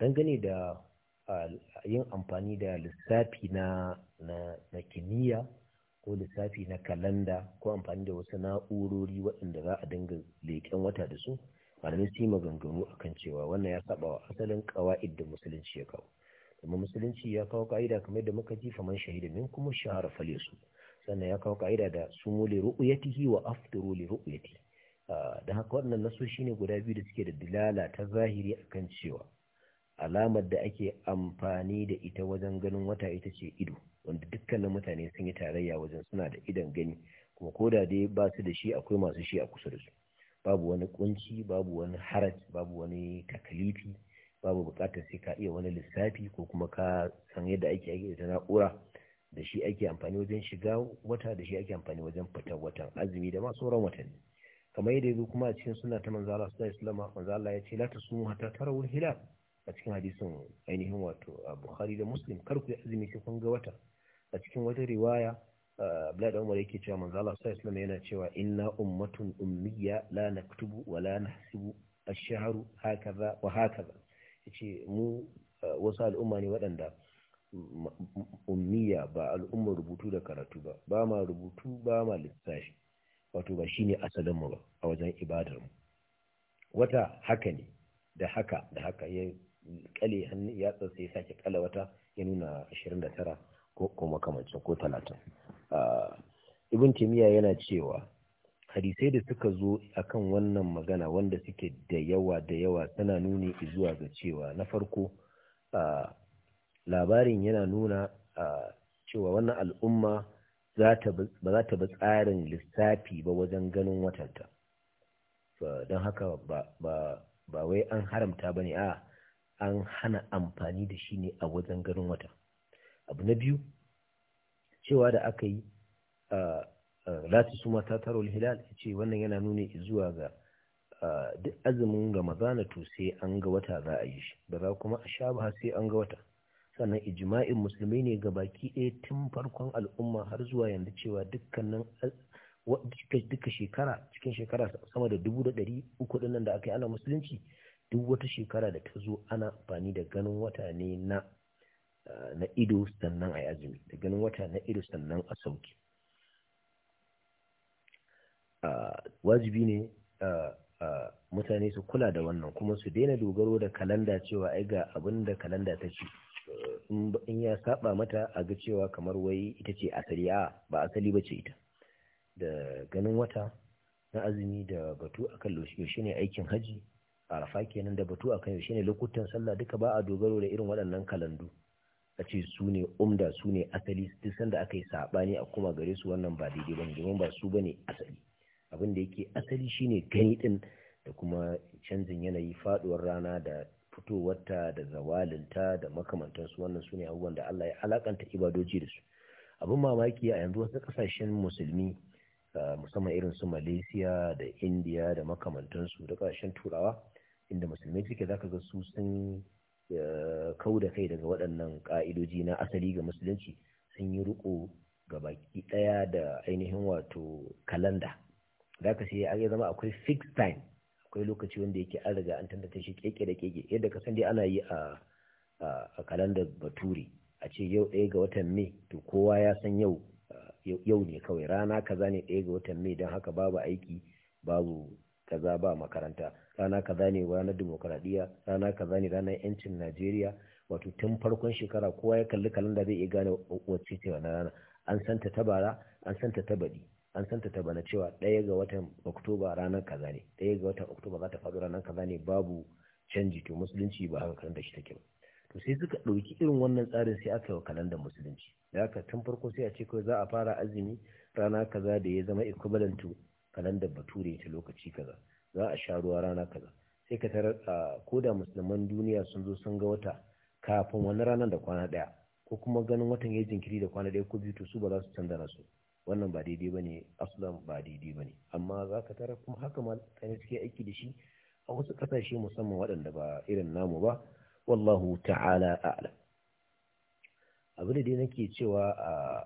dangane da yin amfani da lissafi na na kimiyya ko lissafi na kalanda ko amfani da wasu na'urori waɗanda za a dinga leƙen wata da su malamai su yi maganganu kan cewa wannan ya saba wa asalin ƙawa'id da musulunci ya kawo kuma musulunci ya kawo ka'ida kamar da muka ji faman shahida min kuma shahara fale su sannan ya kawo ka'ida da sumu li ru'yatihi wa aftiru li ru'yatihi Ah, da haka wannan nasoshi ne guda biyu da suke da dilala ta zahiri akan cewa alamar da ake amfani da ita wajen ganin wata ita ce ido wanda dukkanin mutane sun yi tarayya wajen suna da idon gani kuma ko da dai ba su da shi akwai masu shi a kusa da su babu wani kunci babu wani haraj babu wani takalifi babu bukatar sai ka iya wani lissafi ko kuma ka san yadda ake ake da na'ura da shi ake amfani wajen shiga wata da shi ake amfani wajen fitar watan azumi da ma sauran watanni kamar yadda yazo kuma a cikin suna ta manzo Allah sallallahu alaihi wasallam manzo Allah ya ce la tasumu hatta tarawul hilal a cikin hadisin ainihin wato Bukhari da Muslim kar ku azumi sai kun ga wata a cikin wata riwaya Abdullahi Umar yake cewa manzo Allah sallallahu alaihi wasallam yana cewa inna ummatun ummiya la naktubu wa la nahsibu ash hakaza wa hakaza yace mu wasu al'umma ne waɗanda ummiya ba al'ummar rubutu da karatu ba ba ma rubutu ba ma lissafi wato ba shine mu ba a wajen ibadarmu wata haka ne da haka da haka ya kale hannu ya tsatsa sake kala wata ya nuna 29 ko kuma kamancin ko 30 ah, ibn timiya yana cewa hadisai da suka zo akan wannan magana wanda suke da yawa da yawa tana nuni zuwa ga cewa na farko ah, labarin yana nuna ah, cewa wannan al'umma ba za ta bi tsarin lissafi ba wajen ganin watanta don haka ba wai an haramta ba ne a an hana amfani da shi ne a wajen ganin wata abu na biyu cewa da aka yi lati su mata taro hilal ce wannan yana nuna zuwa ga duk azumin ga to sai an ga wata za a yi shi ba za kuma a sha ba sai an ga wata sannan ijma'in musulmi ne ga baki ɗaya tun farkon al'umma har zuwa yanzu cewa dukkanin duka shekara cikin shekara sama da dubu da ɗari uku nan da aka yi ana musulunci duk wata shekara da ta zo ana amfani da ganin wata ne na na ido sannan a azumi da ganin wata na ido sannan a sauki wajibi ne mutane su kula da wannan kuma su daina dogaro da kalanda cewa ai ga abin da kalanda ta ce in ya saba mata a ga cewa kamar wai ita ce asali a ba asali ba ce ita da ganin wata na azumi da batu akan yaushe ne aikin haji rafa kenan da batu akan yaushe ne lokutan sallah duka ba a dogaro da irin waɗannan kalandu a ce su ne umda su ne asali duk sanda aka yi saɓani a kuma gare su wannan ba daidai ba domin ba su ba asali abin da yake asali shine gani ɗin da kuma canjin yanayi faɗuwar rana da fitowarta da zawalinta da makamantansu wannan su ne abubuwan da Allah ya alakanta ibadoji da su abin mamaki a yanzu wasu kasashen musulmi musamman irin su malaysia da india da makamantansu da kasashen turawa inda musulmai suke zaka ga su sun e, kau da kai daga waɗannan ka'idoji na asali ga musulunci sun yi riko ga baki ɗaya da ainihin wato kalanda zaka sai ya zama akwai fixed time akwai lokaci wanda yake an riga an tantance shi keke da keke yadda ka san dai ana yi a a kalandar baturi a ce yau ɗaya ga watan mai to kowa ya san yau yau ne kawai rana kaza ne ɗaya ga watan mai don haka babu aiki babu kaza ba makaranta rana kaza ne ranar dimokuraɗiyya rana kaza ne ranar yancin najeriya wato tun farkon shekara kowa ya kalli kalanda zai iya gane wacce ce wannan rana an santa ta bara an santa ta baɗi an san ta bana cewa ɗaya ga watan oktoba ranar kaza ne ɗaya ga watan oktoba za ta faɗo ranar kaza ne babu canji to musulunci ba haka karanta shi take ba to sai suka ɗauki irin wannan tsarin sai aka wa kalandar musulunci da haka tun farko sai a ce kawai za a fara azumi rana kaza da ya zama equivalent to kalanda bature ta lokaci kaza za a sha ruwa rana kaza sai ka tarar ko da musulman duniya sun zo sun ga wata kafin wani ranar da kwana ɗaya ko kuma ganin watan ya jinkiri da kwana ɗaya ko biyu to su ba za su canza su. wannan ba daidai bane aslan ba daidai bane amma zaka tara kuma haka ma tsane suke aiki da shi a wasu kasashe musamman waɗanda ba irin namu ba wallahu ta'ala a'lam abin da dai nake cewa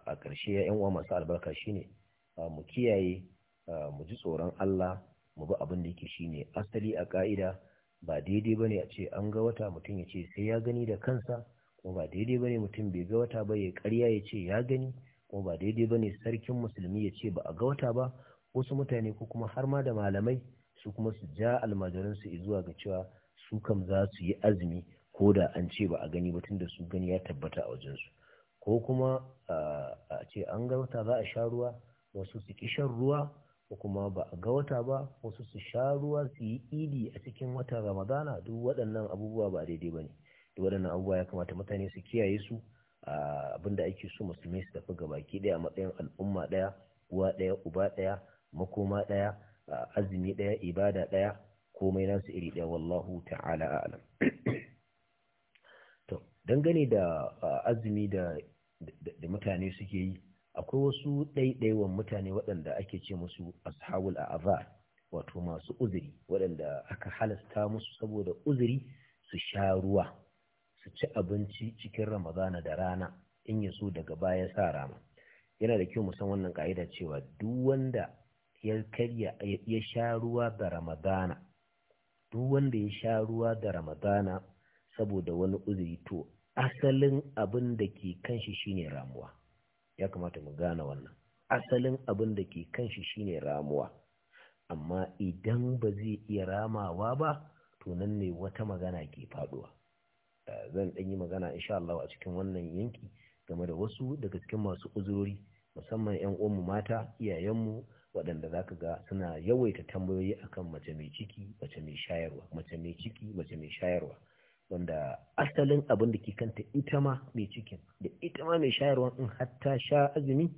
a ƙarshe ya yan uwa masu albarka shine mu kiyaye mu ji tsoron Allah mu bi abin da yake shine asali a ka'ida ba daidai bane a ce an ga wata mutum ya ce sai ya gani da kansa kuma ba daidai bane mutum bai ga wata ba ya ƙarya ya ce ya gani kuma ba daidai ba ne sarkin musulmi ya ce ba a ga wata ba wasu mutane ko kuma har ma da malamai su kuma su ja su zuwa ga cewa su kam za su yi azumi ko da an ce ba a gani ba tunda su gani ya tabbata a wajensu ko kuma a ce an ga wata za a sha ruwa wasu su ki shan ruwa ko kuma ba a ga wata ba wasu su sha ruwa su yi idi a cikin watan ramadana duk waɗannan abubuwa ba daidai ba ne duk waɗannan abubuwa ya kamata mutane su kiyaye su abinda ake so musulmi su tafi ga baki daya matsayin al'umma daya uwa daya uba daya makoma daya azumi daya ibada daya komai nasu iri daya wallahu ta'ala a'lam to dangane da azumi da da mutane suke yi akwai wasu ɗaiɗaiwan mutane waɗanda ake ce musu ashabul a'azar wato masu uzuri waɗanda aka halasta musu saboda uzuri su sha ruwa su ci abinci cikin ramadana da rana in ya so daga baya sa rama yana da kyau mu san wannan ka'ida cewa duk wanda ya karya ya sha ruwa da ramadana duk wanda ya sha ruwa da ramadana saboda wani uzuri to asalin abin da ke kan shi shine ramuwa ya kamata mu gane wannan asalin abin da ke kan shi shine ramuwa amma idan ba zai iya ramawa ba to nan ne wata magana ke faduwa Eh, zan ɗan yi magana insha Allah a cikin wannan yanki game da wasu daga cikin masu uzuri musamman 'yan uwanmu mata iyayenmu waɗanda za ka ga suna yawaita tambayoyi akan mace mai ciki mace mai shayarwa mace mai ciki mace mai shayarwa wanda asalin abin da ke kanta ita ma mai cikin da ita ma mai shayarwa in hatta sha azumi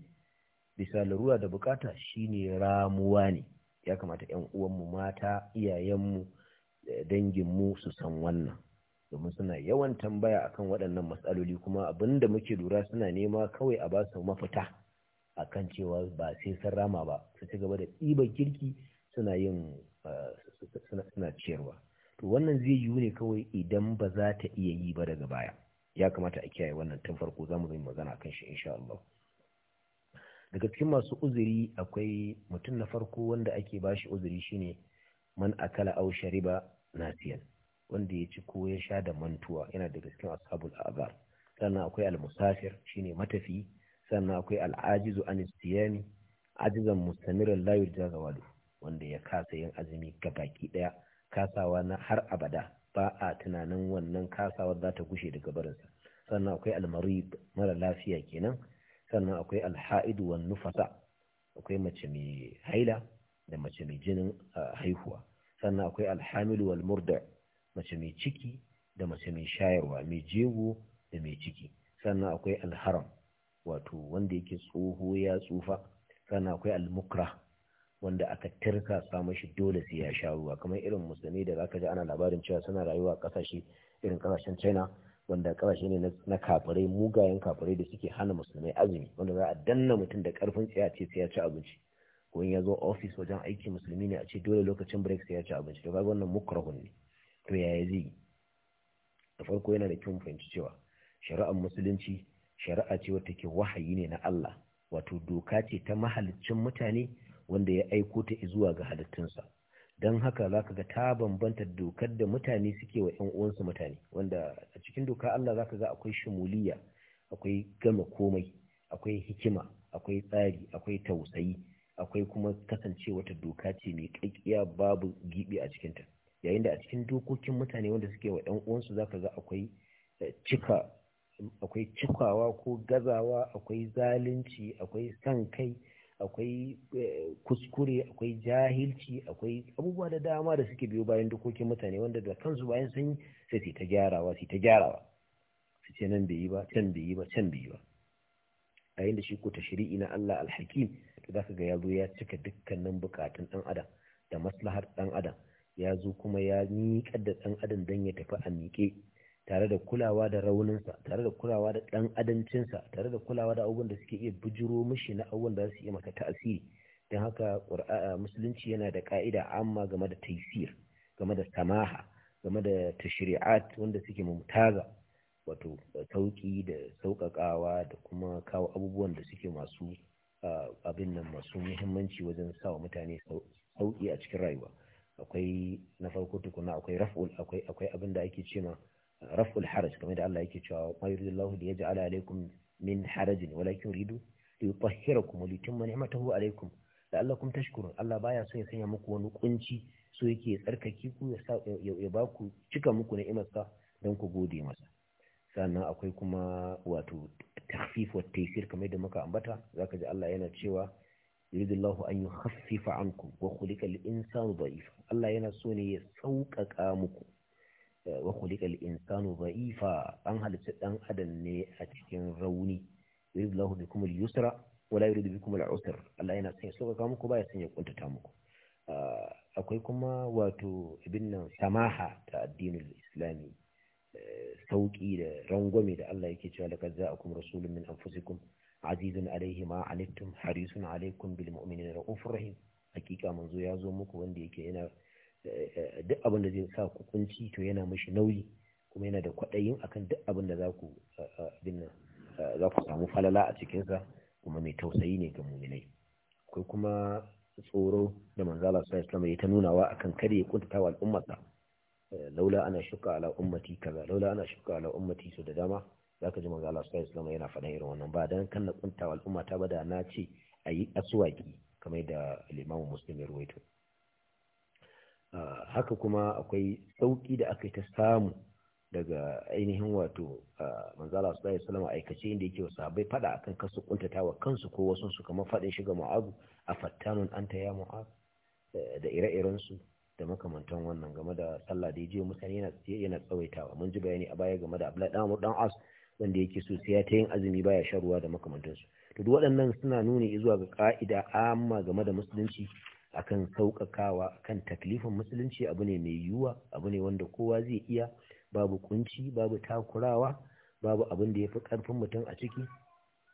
bisa larura da bukata shine ramuwa ne ya kamata 'yan uwanmu mata iyayenmu eh, danginmu su san wannan domin suna yawan tambaya akan waɗannan matsaloli kuma abin da muke lura suna nema kawai a basu mafita akan cewa ba sai sun rama ba su ci gaba da ɗiban girki suna yin eh, suna ciyarwa to wannan zai yiwu ne kawai idan ba za ta iya yi ba daga baya ya kamata a kiyaye wannan tun farko za mu yi magana akan shi insha Allah daga cikin masu uzuri akwai mutum na farko wanda ake bashi uzuri shine man akala au shariba nasiyan wanda ya ci ko ya sha da mantuwa yana daga cikin ashabul azar sannan akwai al-musafir shine matafi sannan akwai al-ajizu an siyami ajizan mustamiran la yurja wanda ya kasa yin azumi ga baki daya kasawa na har abada ba a tunanin wannan kasawar za ta gushe daga barinsa sannan akwai al-marid mara lafiya kenan sannan akwai al-ha'idu wan nufasa akwai mace mai haila da mace mai jinin ah, haihuwa sannan akwai al-hamilu wal murda mace mai ciki da mace mai shayarwa mai jego da mai ciki sannan akwai alharam wato wanda yake tsoho ya tsufa sannan akwai almukra wanda aka tirka sa shi dole sai ya sha ruwa kamar irin musulmi da zaka ji ana labarin cewa suna rayuwa a kasashe irin kasashen China wanda kasashe ne na kafirai mugayen kafirai da suke hana musulmai azumi wanda za a danna mutum da karfin tsaya ce sai ya ci abinci ko in ya zo ofis wajen aiki musulmi ne a ce dole lokacin break sai ya ci abinci to kaga wannan mukrahun ne to yaya zai yi da farko yana da kyau fahimci cewa shari'ar musulunci shari'a ce wata ke wahayi ne na Allah wato doka ce ta mahaliccin mutane wanda ya aiko ta zuwa ga halittunsa don haka za ka ga ta bambanta dokar da mutane suke wa 'yan uwansu mutane wanda a cikin doka Allah za ka ga akwai shimuliya akwai gama komai akwai hikima akwai tsari akwai tausayi akwai kuma kasancewa ta doka ce mai ƙaƙƙiya babu gibi a cikinta yayin da a cikin dokokin mutane wanda suke wa ɗan uwansu za ka ga akwai eh, cika akwai cikawa ko gazawa akwai zalunci akwai san kai akwai eh, kuskure akwai jahilci akwai abubuwa da dama da suke biyo bayan dokokin mutane wanda da kansu bayan sun sai su ta gyarawa su ta gyarawa su ce nan bai yi ba can bai yi ba can bai yi ba a yayin da shi ko tashri'i na Allah alhakim to zaka ga ya zo ya cika dukkanin bukatun ɗan adam da maslahar ɗan adam ya zo kuma ya miƙar da ɗan adam don ya tafi a miƙe tare da kulawa da rauninsa tare da kulawa da ɗan adancinsa tare da kulawa da abubuwan da suke iya bujuro mishi na abubuwan da su iya maka tasiri don haka musulunci yana da ƙa'ida amma game da taisir game da samaha game da tashri'at wanda suke mumtaza wato sauƙi da sauƙaƙawa da kuma kawo abubuwan da suke masu abin nan masu muhimmanci wajen sawa mutane sauƙi a cikin rayuwa akwai na farko tukuna akwai raf'ul akwai akwai abin da ake cewa raf'ul haraj kamar da Allah yake cewa ma yuridullahu li yaj'ala alaykum min harajin walakin yuridu li yutahhirakum li litimma ni'matahu alaykum la'allakum tashkurun Allah baya so ya sanya muku wani kunci so yake tsarkake ku ya ya ba ku cika muku ni'imarsa don ku gode masa sannan akwai kuma wato takhfif wa taysir kamar da muka ambata zaka ji Allah yana cewa yuridullahu an yukhaffifa ankum wa khuliqal insanu da'ifa Allah yana so ne ya sauƙaƙa muku wa khuliqal insanu da'ifa an halitta dan adam ne a cikin rauni yuridullahu bikum al-yusra wa la yuridu bikum al-usra Allah yana so ya sauƙaƙa muku ba ya san ya kuntata muku akwai kuma wato ibn samaha ta addinin islami sauƙi da rangwame da Allah yake cewa laqad ja'akum rasulun min anfusikum عزيز alaihi ma anittum harisun alaikum bil mu'minina rahim hakika manzo ya zo muku wanda yake yana duk abin da zai sa ku kunci to yana mishi nauyi kuma yana da kwaɗayin akan duk abin da za ku za ku samu falala a cikinsa kuma mai tausayi ne ga muminai akwai kuma tsoro da manzala sai islam ya ta nunawa akan kare kuntata wa al'ummata laula ana shuka ala ummati kaza laula ana shuka ala ummati so da dama zaka ji manzo Allah sallallahu alaihi yana faɗan irin wannan ba dan kan na kuntawa al'umma ta bada na ce ayi aswaki kamar da al-Imam Muslim ya ruwaito ah, haka kuma akwai sauki da aka yi ta samu daga ainihin wato ah, manzo Allah sallallahu alaihi wasallam aikace inda yake bai fada akan kasu kuntatawa kansu ko wasun su kamar fadin shiga mu'azu a fattanun anta ya mu'az eh, da ire-iren su da makamantan wannan game da sallah da ya je mutane yana tsawaitawa mun ji bayani a baya game da Abdullahi dan As wanda yake so sai ya ta yin azumi baya shan ruwa da makamantansu to duk waɗannan suna nuni zuwa ga ka'ida amma game da musulunci akan sauƙaƙawa kan taklifin musulunci abu ne mai yiwuwa abu ne wanda kowa zai iya babu kunci babu takurawa babu abin da ya fi ƙarfin mutum a ciki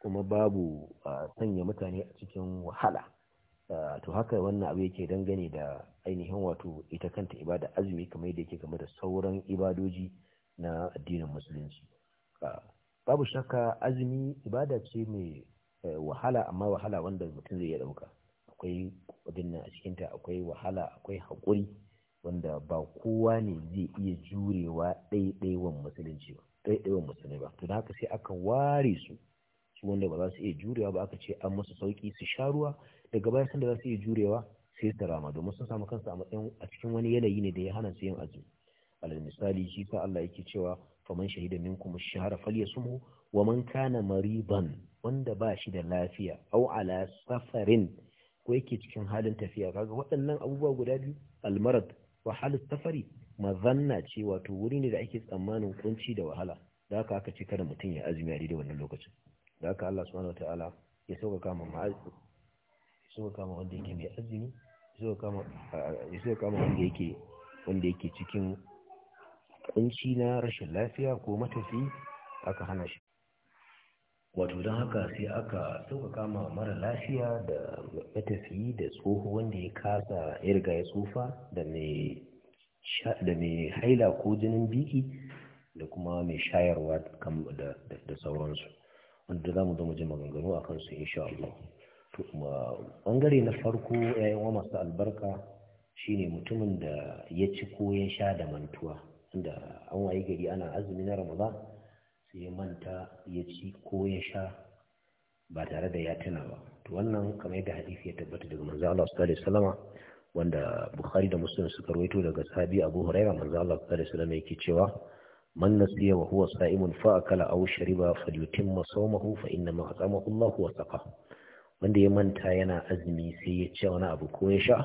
kuma babu sanya mutane a cikin wahala to haka wannan abu yake dangane da ainihin wato ita kanta ibada azumi kamar yadda yake game da sauran ibadoji na addinin musulunci babu shakka azumi ibada ce mai eh, wahala amma wahala wanda mutum zai iya ɗauka akwai wadannan a cikinta akwai wahala akwai haƙuri wanda ba kowa ne zai iya jurewa ɗaiɗaiwan musulunci ba ɗaiɗaiwan musulunci ba to haka sai aka ware su su wanda ba za su iya jurewa ba aka ce an musu sauki su sha ruwa daga baya sanda za su iya jurewa sai su rama domin sun samu kansu a matsayin a cikin wani yanayi ne da ya hana su yin azumi alal misali shi sa Allah yake cewa faman shahida minkum ash falyasumu falyasumhu wa man kana mariban wanda ba shi da lafiya au ala safarin ko yake cikin halin tafiya kaga waɗannan abubuwa guda biyu almarad wa halin safari mazanna ce wato wuri ne da ake tsammanin kunci da wahala da haka aka ce kada mutum ya azumi a da wannan lokacin da haka Allah subhanahu ta'ala ya sauƙaƙa kama ma'azi ya sauƙaƙa wanda yake mai azumi ya sauƙaƙa kama wanda yake wanda yake cikin kunci na rashin lafiya ko matafi aka hana shi wato don haka sai aka sauƙaƙa ma mara lafiya da matafiyi da tsoho wanda ya kasa ya riga ya tsufa da mai haila ko jinin biki da kuma mai shayarwa da sauransu wanda za mu zo muji maganganu a kansu insha Allah kuma bangare na farko yayin wa masu albarka shine mutumin da ya ci ko ya sha da mantuwa inda an waye gari ana azumi na ramadan sai manta ya ci ko ya sha ba tare da ya tuna ba to wannan kamar yadda hadisi ya tabbata daga manzo Allah sallallahu alaihi wasallam wanda Bukhari da Muslim suka rawaito daga sahabi Abu Hurairah manzo Allah sallallahu alaihi wasallam yake cewa man nasiya wa huwa sa'imun fa akala aw shariba falyutimma sawmahu fa inna ma atamahu Allah wa saqa wanda ya manta yana azumi sai ya ci wani abu ko ya sha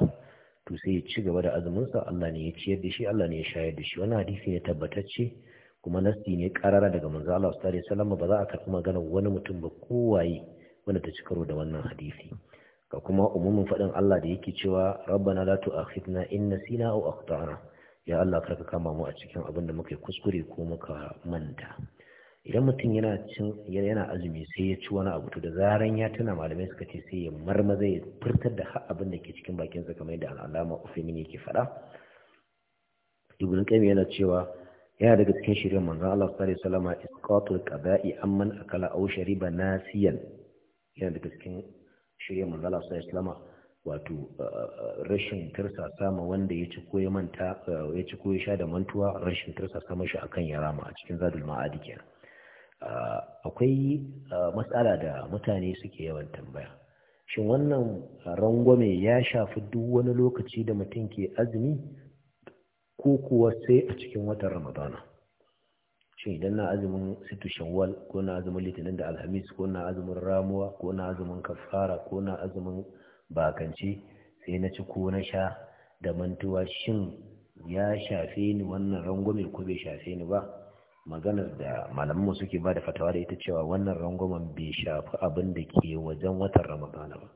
to sai ya ci gaba da azuminsa Allah ne ya ciyar da shi Allah ne ya shayar da shi wannan hadisi ne tabbatacce kuma nasti ne karara daga manzo Allah sallallahu alaihi wasallam ba za a karɓi maganar wani mutum ba kowaye wanda ta ci karo da wannan hadisi Ka kuma umumin faɗin Allah da yake cewa rabbana la tu'akhidna in nasina aw akhtana ya Allah karka kama mu a cikin abin da muka kuskure ko muka manta idan mutum yana cin yana azumi sai ya ci wani abu to da zaran ya tuna malamai suka ce sai ya marmaza ya furtar da har abin da ke cikin bakin sa kamar yadda al'alama ne ke faɗa ibn qayyim yana cewa yana daga cikin shirin manzon Allah sallallahu alaihi wasallam isqatul qada'i amman akala aw shariba nasiyan yana daga cikin shirin manzon Allah sallallahu alaihi wasallam wato eh, rashin tirsa sama wanda ya ci ko ya manta eh, ya ci ko ya sha da mantuwa rashin tirsa sama shi akan yarama a cikin zadul ma'adi kenan Ah, akwai ah, matsala da mutane suke yawan tambaya shin wannan rangwame ya shafi duk wani lokaci da mutum ke azumi ko kuwa sai a cikin watan ramadana shin idan na azumin situ shawwal ko na azumin litinin da alhamis ko na azumin ramuwa ko na azumin kafara ko na azumin bakance sai na ci ko na sha da mantuwa shin ya shafe ni wannan rangwame ko bai shafe ni ba maganar da malamanmu suke ba da fatawa da ita cewa wannan rangwamen bai shafi abin da ke wajen watan ramadana ba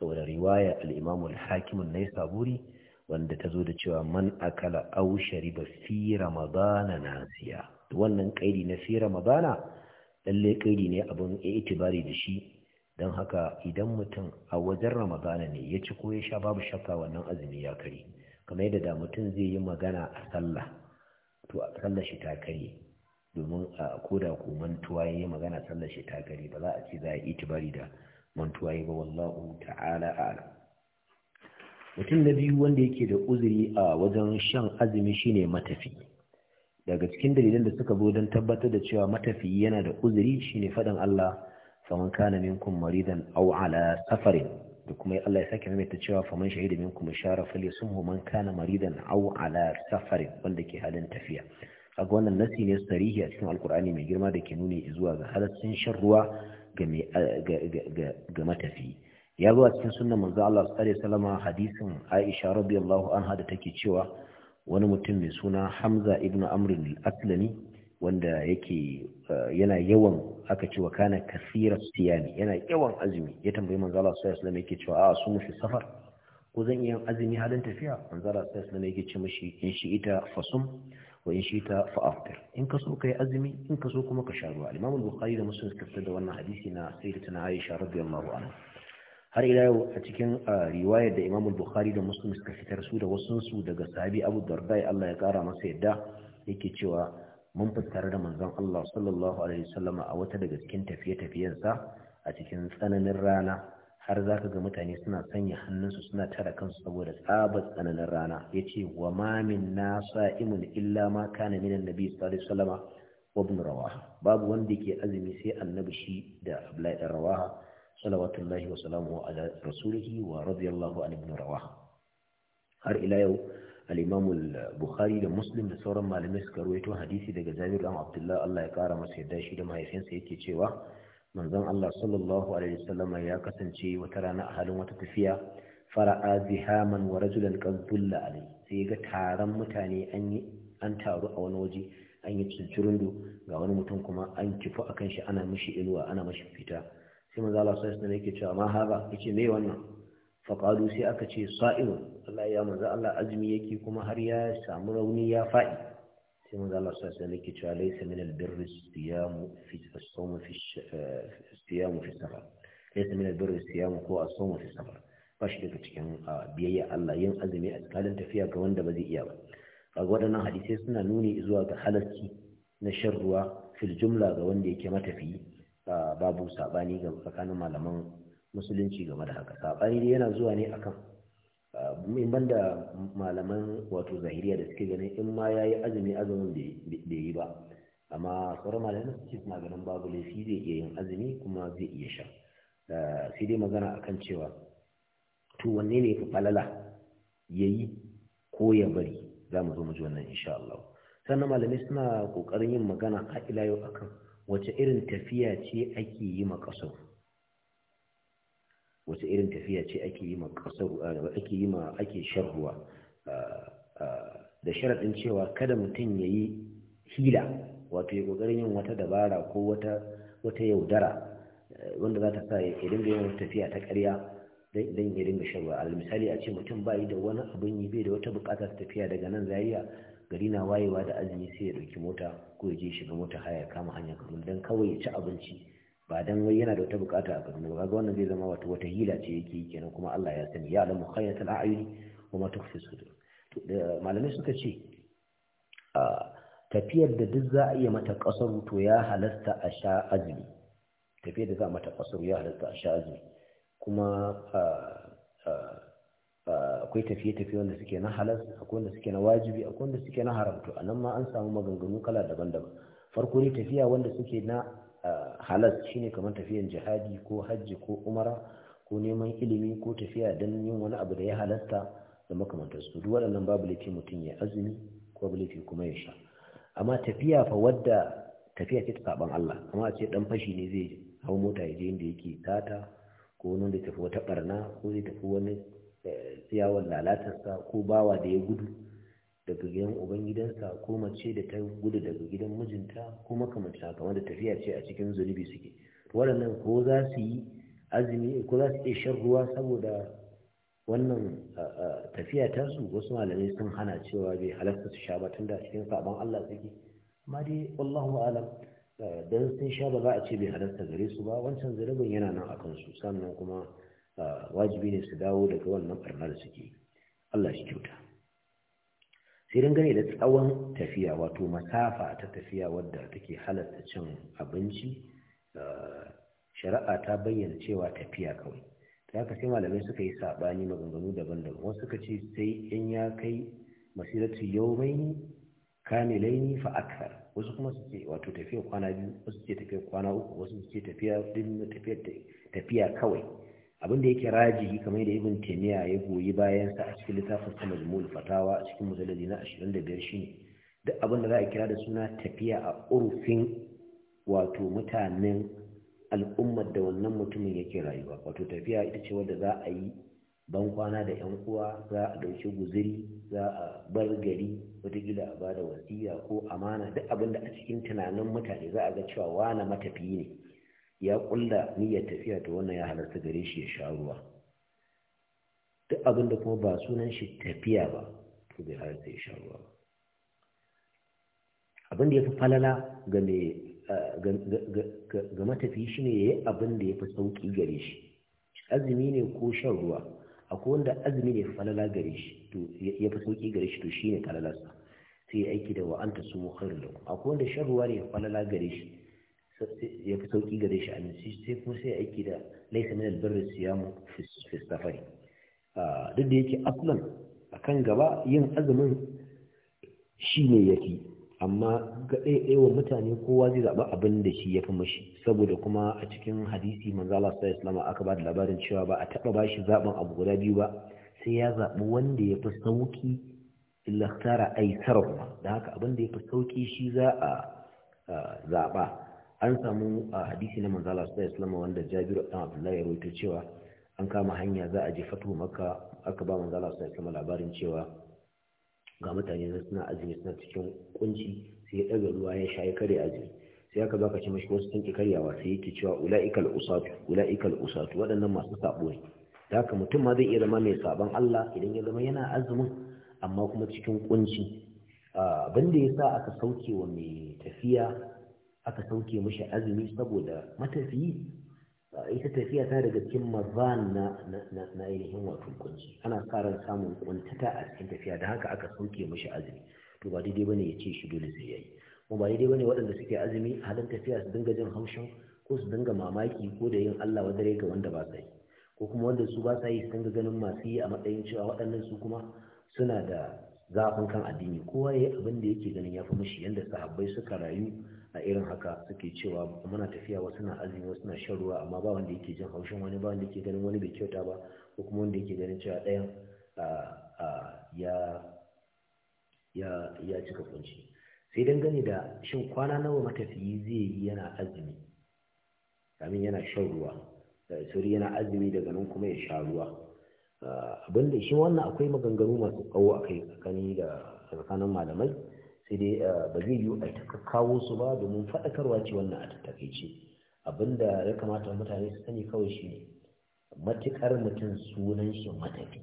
saboda riwaya Alimamul hakimun na saburi wanda ta zo da cewa man akala au shariba fi ramadana na siya wannan kaidi na fi ramadana lalle kaidi ne abin itibari da shi don haka idan mutum a wajen ramadana ne ya ci ko ya sha babu shakka wannan azumi ya kare kamar yadda da mutum zai yi magana a sallah to a sallah shi ta karye. domin a koda ko mantuwa yayi magana sallar shi ta gari ba za a ce za a tibari da mantuwa yayi ba wallahu ta'ala a'lam mutum na biyu wanda yake da uzuri a wajen shan azumi shine matafi daga cikin dalilan da suka zo don tabbatar da cewa matafi yana da uzuri shine faɗin Allah faman kana minkum maridan aw ala safarin da kuma Allah ya sake ta cewa faman shahida minkum shara falyasumhu man kana maridan aw ala safarin wanda ke halin tafiya a wannan nasi ne sarihi a cikin alkur'ani mai girma da ke nuni zuwa ga halaccin shan ruwa ga matafi ya zo a cikin sunan manzo Allah sallallahu salama hadisin Aisha radiyallahu anha da take cewa wani mutum mai suna Hamza ibn Amr al-Aslami wanda yake yana yawan aka cewa kana kasira siyani yana yawan azumi ya tambayi manzo Allah sallallahu alaihi yake cewa a sumu fi safar ko zan yi azumi halin tafiya manzo Allah sallallahu alaihi yake ce mishi in shi ita fasum wa in shita fa in ka so kai azumi in ka so kuma ka sha ruwa al-imam al da muslim suka fitar da wannan hadisi na sayyidatuna aisha radiyallahu anha har ila yau a cikin riwayar da imamul al-bukhari da muslim suka fitar su da wasu su daga sahabi abu darda Allah ya kara masa yadda yake cewa mun fitar da manzon Allah sallallahu alaihi wasallama a wata daga cikin tafiye-tafiyensa a cikin tsananin rana har za ka ga mutane suna sanya hannunsu suna tara kansu saboda tsabar tsananin rana ya ce wa mamin na sa'imun illa ma kana minan nabi sallallahu alaihi wa ibn rawaha babu wanda ke azumi sai annabi shi da abdullahi dan rawaha salawatullahi wa salamuhu ala rasulihi wa radiyallahu an ibn rawaha har ila yau al-imam al-bukhari da muslim da sauran malamai suka rawaito hadisi daga jabir dan abdullah Allah ya kara masa yadda shi da mahaifinsa yake cewa manzon Allah sallallahu alaihi ya kasance wata rana a halin wata tafiya fara'a zihaman wa rajulan qad dulla alai sai ga taron mutane an yi an taru a wani waje an yi cincirindo ga wani mutum kuma an kifu akan shi ana mishi inuwa ana mishi fita sai manzo Allah sallallahu alaihi yake cewa ma haba yace me wannan fa sai aka ce sa'imun Allah ya manzo Allah azumi yake kuma har ya samu rauni ya faɗi sai manzo Allah sallallahu alaihi wasallam yake cewa laysa min albirri siyamu fi eh, siyamu fi min siyamu ko fi ba shi daga cikin ah, biyayya Allah yin azumi a cikin tafiya ga wanda ba zai iya ba kaga waɗannan hadisai suna nuni zuwa ga halarci na shan ruwa fil jumla ga wanda yake matafi ah, babu sabani ga tsakanin malaman musulunci game da haka sabani dai yana zuwa ne akan muhimman banda malaman wato zahiriya da suke ganin in ma ya yi azumi azumin da yi ba amma sauran malaman suke suna ganin babu laifi zai iya yin azumi kuma zai iya sha eh, sai dai magana akan cewa to wanne ne fi falala ya yi ko ya bari za mu zo mu ji wannan insha Allah sannan malamai suna kokarin yin magana a ila yau akan wace irin tafiya ce ake yi ma makasau wasu irin tafiya ce ake yi ma ake yi ma ake shan da sharaɗin cewa kada mutum ya yi hila wato ya ƙoƙarin yin wata dabara ko wata yaudara eh, wanda za ta sa ya dinga yin tafiya ta ƙarya don ya dinga shan ruwa alal misali a ce mutum ba yi da wani abin yi bai da wata buƙatar tafiya daga nan zariya gari na wayewa da azumi sai ya ɗauki mota ko ya je shiga mota haya kama hanya kamar don kawai ya ci abinci ba dan wai yana da wata bukata a Kaduna ba ga wannan zai zama wato wata hila ce yake kenan kuma Allah ya sani ya alamu khayyatul a'yuni wa ma tukhfi sudur malamai suka ce tafiyar da duk za a iya mata kasaru to ya halasta a sha azumi tafiyar da za a mata kasaru ya halasta a sha azumi kuma akwai tafiye-tafiye wanda suke na halas akwai wanda suke na wajibi akwai wanda suke na haramto a nan ma an samu maganganu kala daban-daban farko ne tafiya wanda suke na halas shine kamar tafiyan jihadi ko hajji ko umara ko neman ilimi ko tafiya don yin wani abu da ya halasta da makamantarsu duk waɗannan babu laifi mutum ya azumi ko babu laifi kuma ya sha amma tafiya fa wadda tafiya ce ta saban Allah amma a ce dan fashi ne zai hau mota ya je inda yake tata ko wani da tafi wata barna ko zai tafi wani eh, tsayawar lalatarsa ko bawa da ya gudu daga gidan ubangidansa ko mace da ta gudu daga gidan mijinta ko makamanta kamar da tafiya ce a cikin zunubi suke waɗannan ko za su yi azumi ko za su iya shan ruwa saboda wannan tafiya ta su wasu malamai sun hana cewa bai halarta su sha ba tun da cikin saban Allah suke amma dai wallahu alam dan sun sha ba za a ce bai halarta gare su ba wancan zunubin yana nan a kansu sannan kuma wajibi ne su dawo daga wannan ɓarnar da suke Allah shi kyauta sai dan gane da tsawon tafiya wato masafa ta tafiya wadda take halatta cin abinci eh, shari'a ta bayyana cewa tafiya kawai ta haka sai malamai suka yi saɓani maganganu daban-daban wasu suka ce sai in ya kai masiratu yaumaini kamilaini fa akthar wasu kuma su ce wato tafiya kwana biyu wasu ce tafiya kwana uku wasu su ce tafiya din tafiya kawai abin da yake raji kamar yadda ibn taymiya ya goyi bayan sa a cikin littafin sa majmu'ul fatawa a cikin mujalladi na 25 shine duk abin da za a kira da suna tafiya a urfin wato mutanen al'ummar da wannan mutumin yake rayuwa wato tafiya ita ce wadda za a yi ban kwana da yan uwa za a dauki guziri za a bar gari gida a bada wasiya ko amana duk abin da a cikin tunanin mutane za a ga cewa wana matafiyi ne ya kulla niyyar tafiya to wannan ya halarta gare shi ya sha ruwa duk abin da kuma ba sunan shi tafiya ba to bai halarta ya sha ruwa ba abin da ya fi falala ga matafi shi ne ya yi abin da ya fi sauƙi gare shi azumi ne ko shan ruwa akwai wanda azumi ne falala gare shi ya fi sauƙi gare shi to shi ne falalarsa sai ya aiki da wa'anta su mu khairu akwai wanda shan ruwa ne falala gare shi ya fi sauƙi gare shi sai kuma sai aiki da laisa min albirrin siyamu fi safari duk da yake a kan gaba yin azumin shi ya fi amma ga ɗaya mutane kowa zai zaɓi abin da shi ya fi mashi saboda kuma a cikin hadisi manzo Allah sallallahu aka ba da labarin cewa ba a taɓa ba shi zaɓin abu guda biyu ba sai ya zaɓi wanda ya fi sauƙi illa tara aisar da haka abin da ya fi sauƙi shi za a zaɓa an samu a hadisi na manzala su islamu wanda jabiru ɗan Abdullah ya rawaito cewa an kama hanya za a je fatu maka aka ba manzala su islamu labarin cewa ga mutane na suna azumi suna cikin kunci sai ya ɗaga ruwa ya sha ya karya azumi sai aka aka ce mashi wasu sun ki karyawa sai yake cewa ula'ikal usatu ula'ikal usatu waɗannan masu sabo ne da haka mutum ma zai iya zama mai sabon Allah idan ya zama yana azumin amma kuma cikin kunci abin da ya sa aka sauke wa mai tafiya aka sauke mashi azumi saboda matafiyi ita tafiya ta daga cikin mazan na ainihin wato kunci ana sa ran samun kuntata a cikin tafiya da haka aka sauke mashi azumi to ba daidai bane ya ce shi dole sai yayi kuma ba daidai bane waɗanda suke azumi halin tafiya su dinga jin haushin ko su dinga mamaki ko da yin Allah wa dare ga wanda ba sai ko kuma wanda su ba sai su dinga ganin masu yi a matsayin cewa waɗannan su kuma suna da zafin kan addini kowa yayi abin da yake ganin ya fi mashi yadda sahabbai suka rayu a irin haka suke cewa muna tafiya wasu na azumi wasu na shan ruwa amma ba wanda yake jin haushin wani ba wanda yake ganin wani bai kyauta ba ko kuma wanda yake ganin cewa ɗayan ya cika kunci sai dangane da shin kwana nawa matafiyi zai yi yana azumi kamin yana shan ruwa sauri yana azumi daga nan kuma ya sha ruwa abinda shi wannan akwai maganganu masu kawo a kai tsakani da tsakanin malamai sai dai eh, ba zai yiwu a ta kawo su ba domin faɗakarwa ce wannan a ce abinda ya kamata mutane su sani kawai shi ne matuƙar mutum sunan shi matafi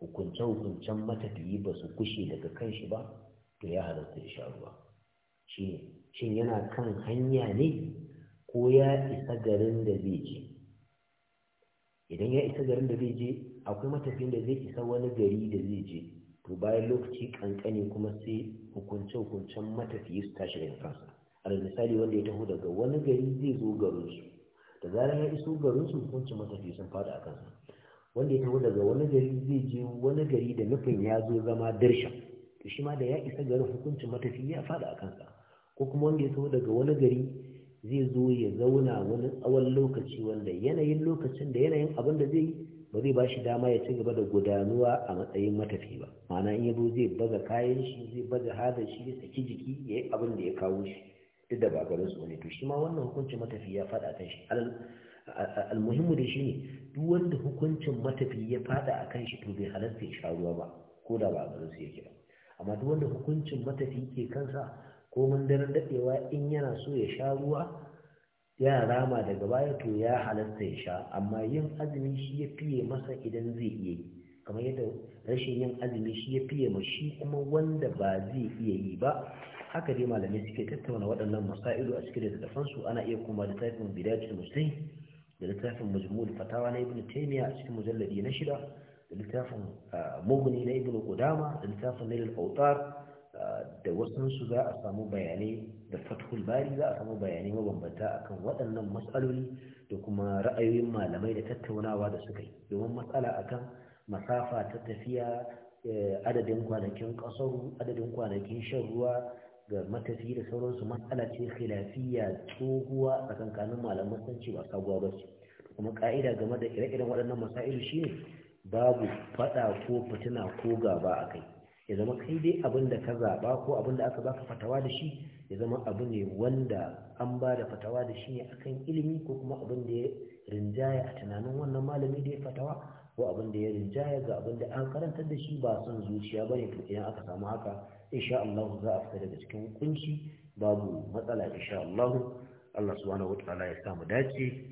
hukunce-hukuncen matafiyi ba su kushe daga kan shi ba to ya halatta da sha ruwa shin yana kan hanya ne ko ya isa garin da zai je idan ya isa garin da zai je akwai matafiyin da zai isa wani gari da zai je to bayan lokaci kankani kuma sai hukunce-hukuncen matafiya su tashi daga kansa da misali wanda ya taho daga wani gari zai zo garinsu da zarar ya iso garinsu hukuncin matafiya sun fada a kansa wanda ya taho daga wani gari zai je wani gari da nufin ya zo zama darsha to shi ma da ya isa garin hukuncin matafiya ya fada a kansa ko kuma wanda ya taho daga wani gari zai zo ya zauna wani tsawon lokaci wanda yanayin lokacin da yanayin abin da zai yi ba zai ba shi dama ya ci gaba da gudanuwa a matsayin matafi ba Mana in yabo zai baza kayan shi zai baza hada shi ya saki jiki ya yi abin da ya kawo shi duk da ba garin su wani to shi ma wannan hukuncin matafi ya faɗa kan shi almuhimmu da shi ne duk wanda hukuncin matafi ya faɗa a kan shi to bai halarta ya sha ruwa ba ko da ba garin su yake ba amma duk wanda hukuncin matafi ke kansa ko mun daren daɗewa in yana so ya sha ruwa ya rama daga baya to ya halatta ya sha amma yin azumi shi ya fiye masa idan zai iya yi kamar yadda rashin yin azumi shi ya fiye ma shi kuma wanda ba zai iya yi ba haka dai malamai suke tattauna waɗannan masailu a cikin su ana iya kuma littafin bidatul muslim da littafin majmul fatawa na ibnu taymiya a cikin mujalladi na shida da littafin ah, mughni na ibnu qudama da littafin al awtar da wasansu za a samu bayanai da fathul bari za a samu bayanai mabambanta akan waɗannan matsaloli da kuma ra'ayoyin malamai da tattaunawa da suka yi domin matsala akan masafa ta tafiya eh, adadin kwanakin ƙasaru adadin kwanakin shan ruwa ga matafi da sauransu matsala ce khilafiyya tsohuwa a kankanin malamai, sun ce ba sabuwa ba ce kuma ka'ida game da ire-iren waɗannan masail shine babu faɗa ko fitina ko gaba a kai ya zama kai dai abin da ka zaɓa ko abin da aka baka fatawa da shi ya zama abu ne wanda an ba da fatawa da shi ne akan ilimi ko kuma abin da ya rinjaya a tunanin wannan malami da ya fatawa ko abin da ya rinjaya ga abin da an karantar da shi ba son zuciya ba ne? to idan aka samu haka insha Allah za a fita daga cikin kunci babu matsala insha Allah Allah subhanahu wataala ya samu dace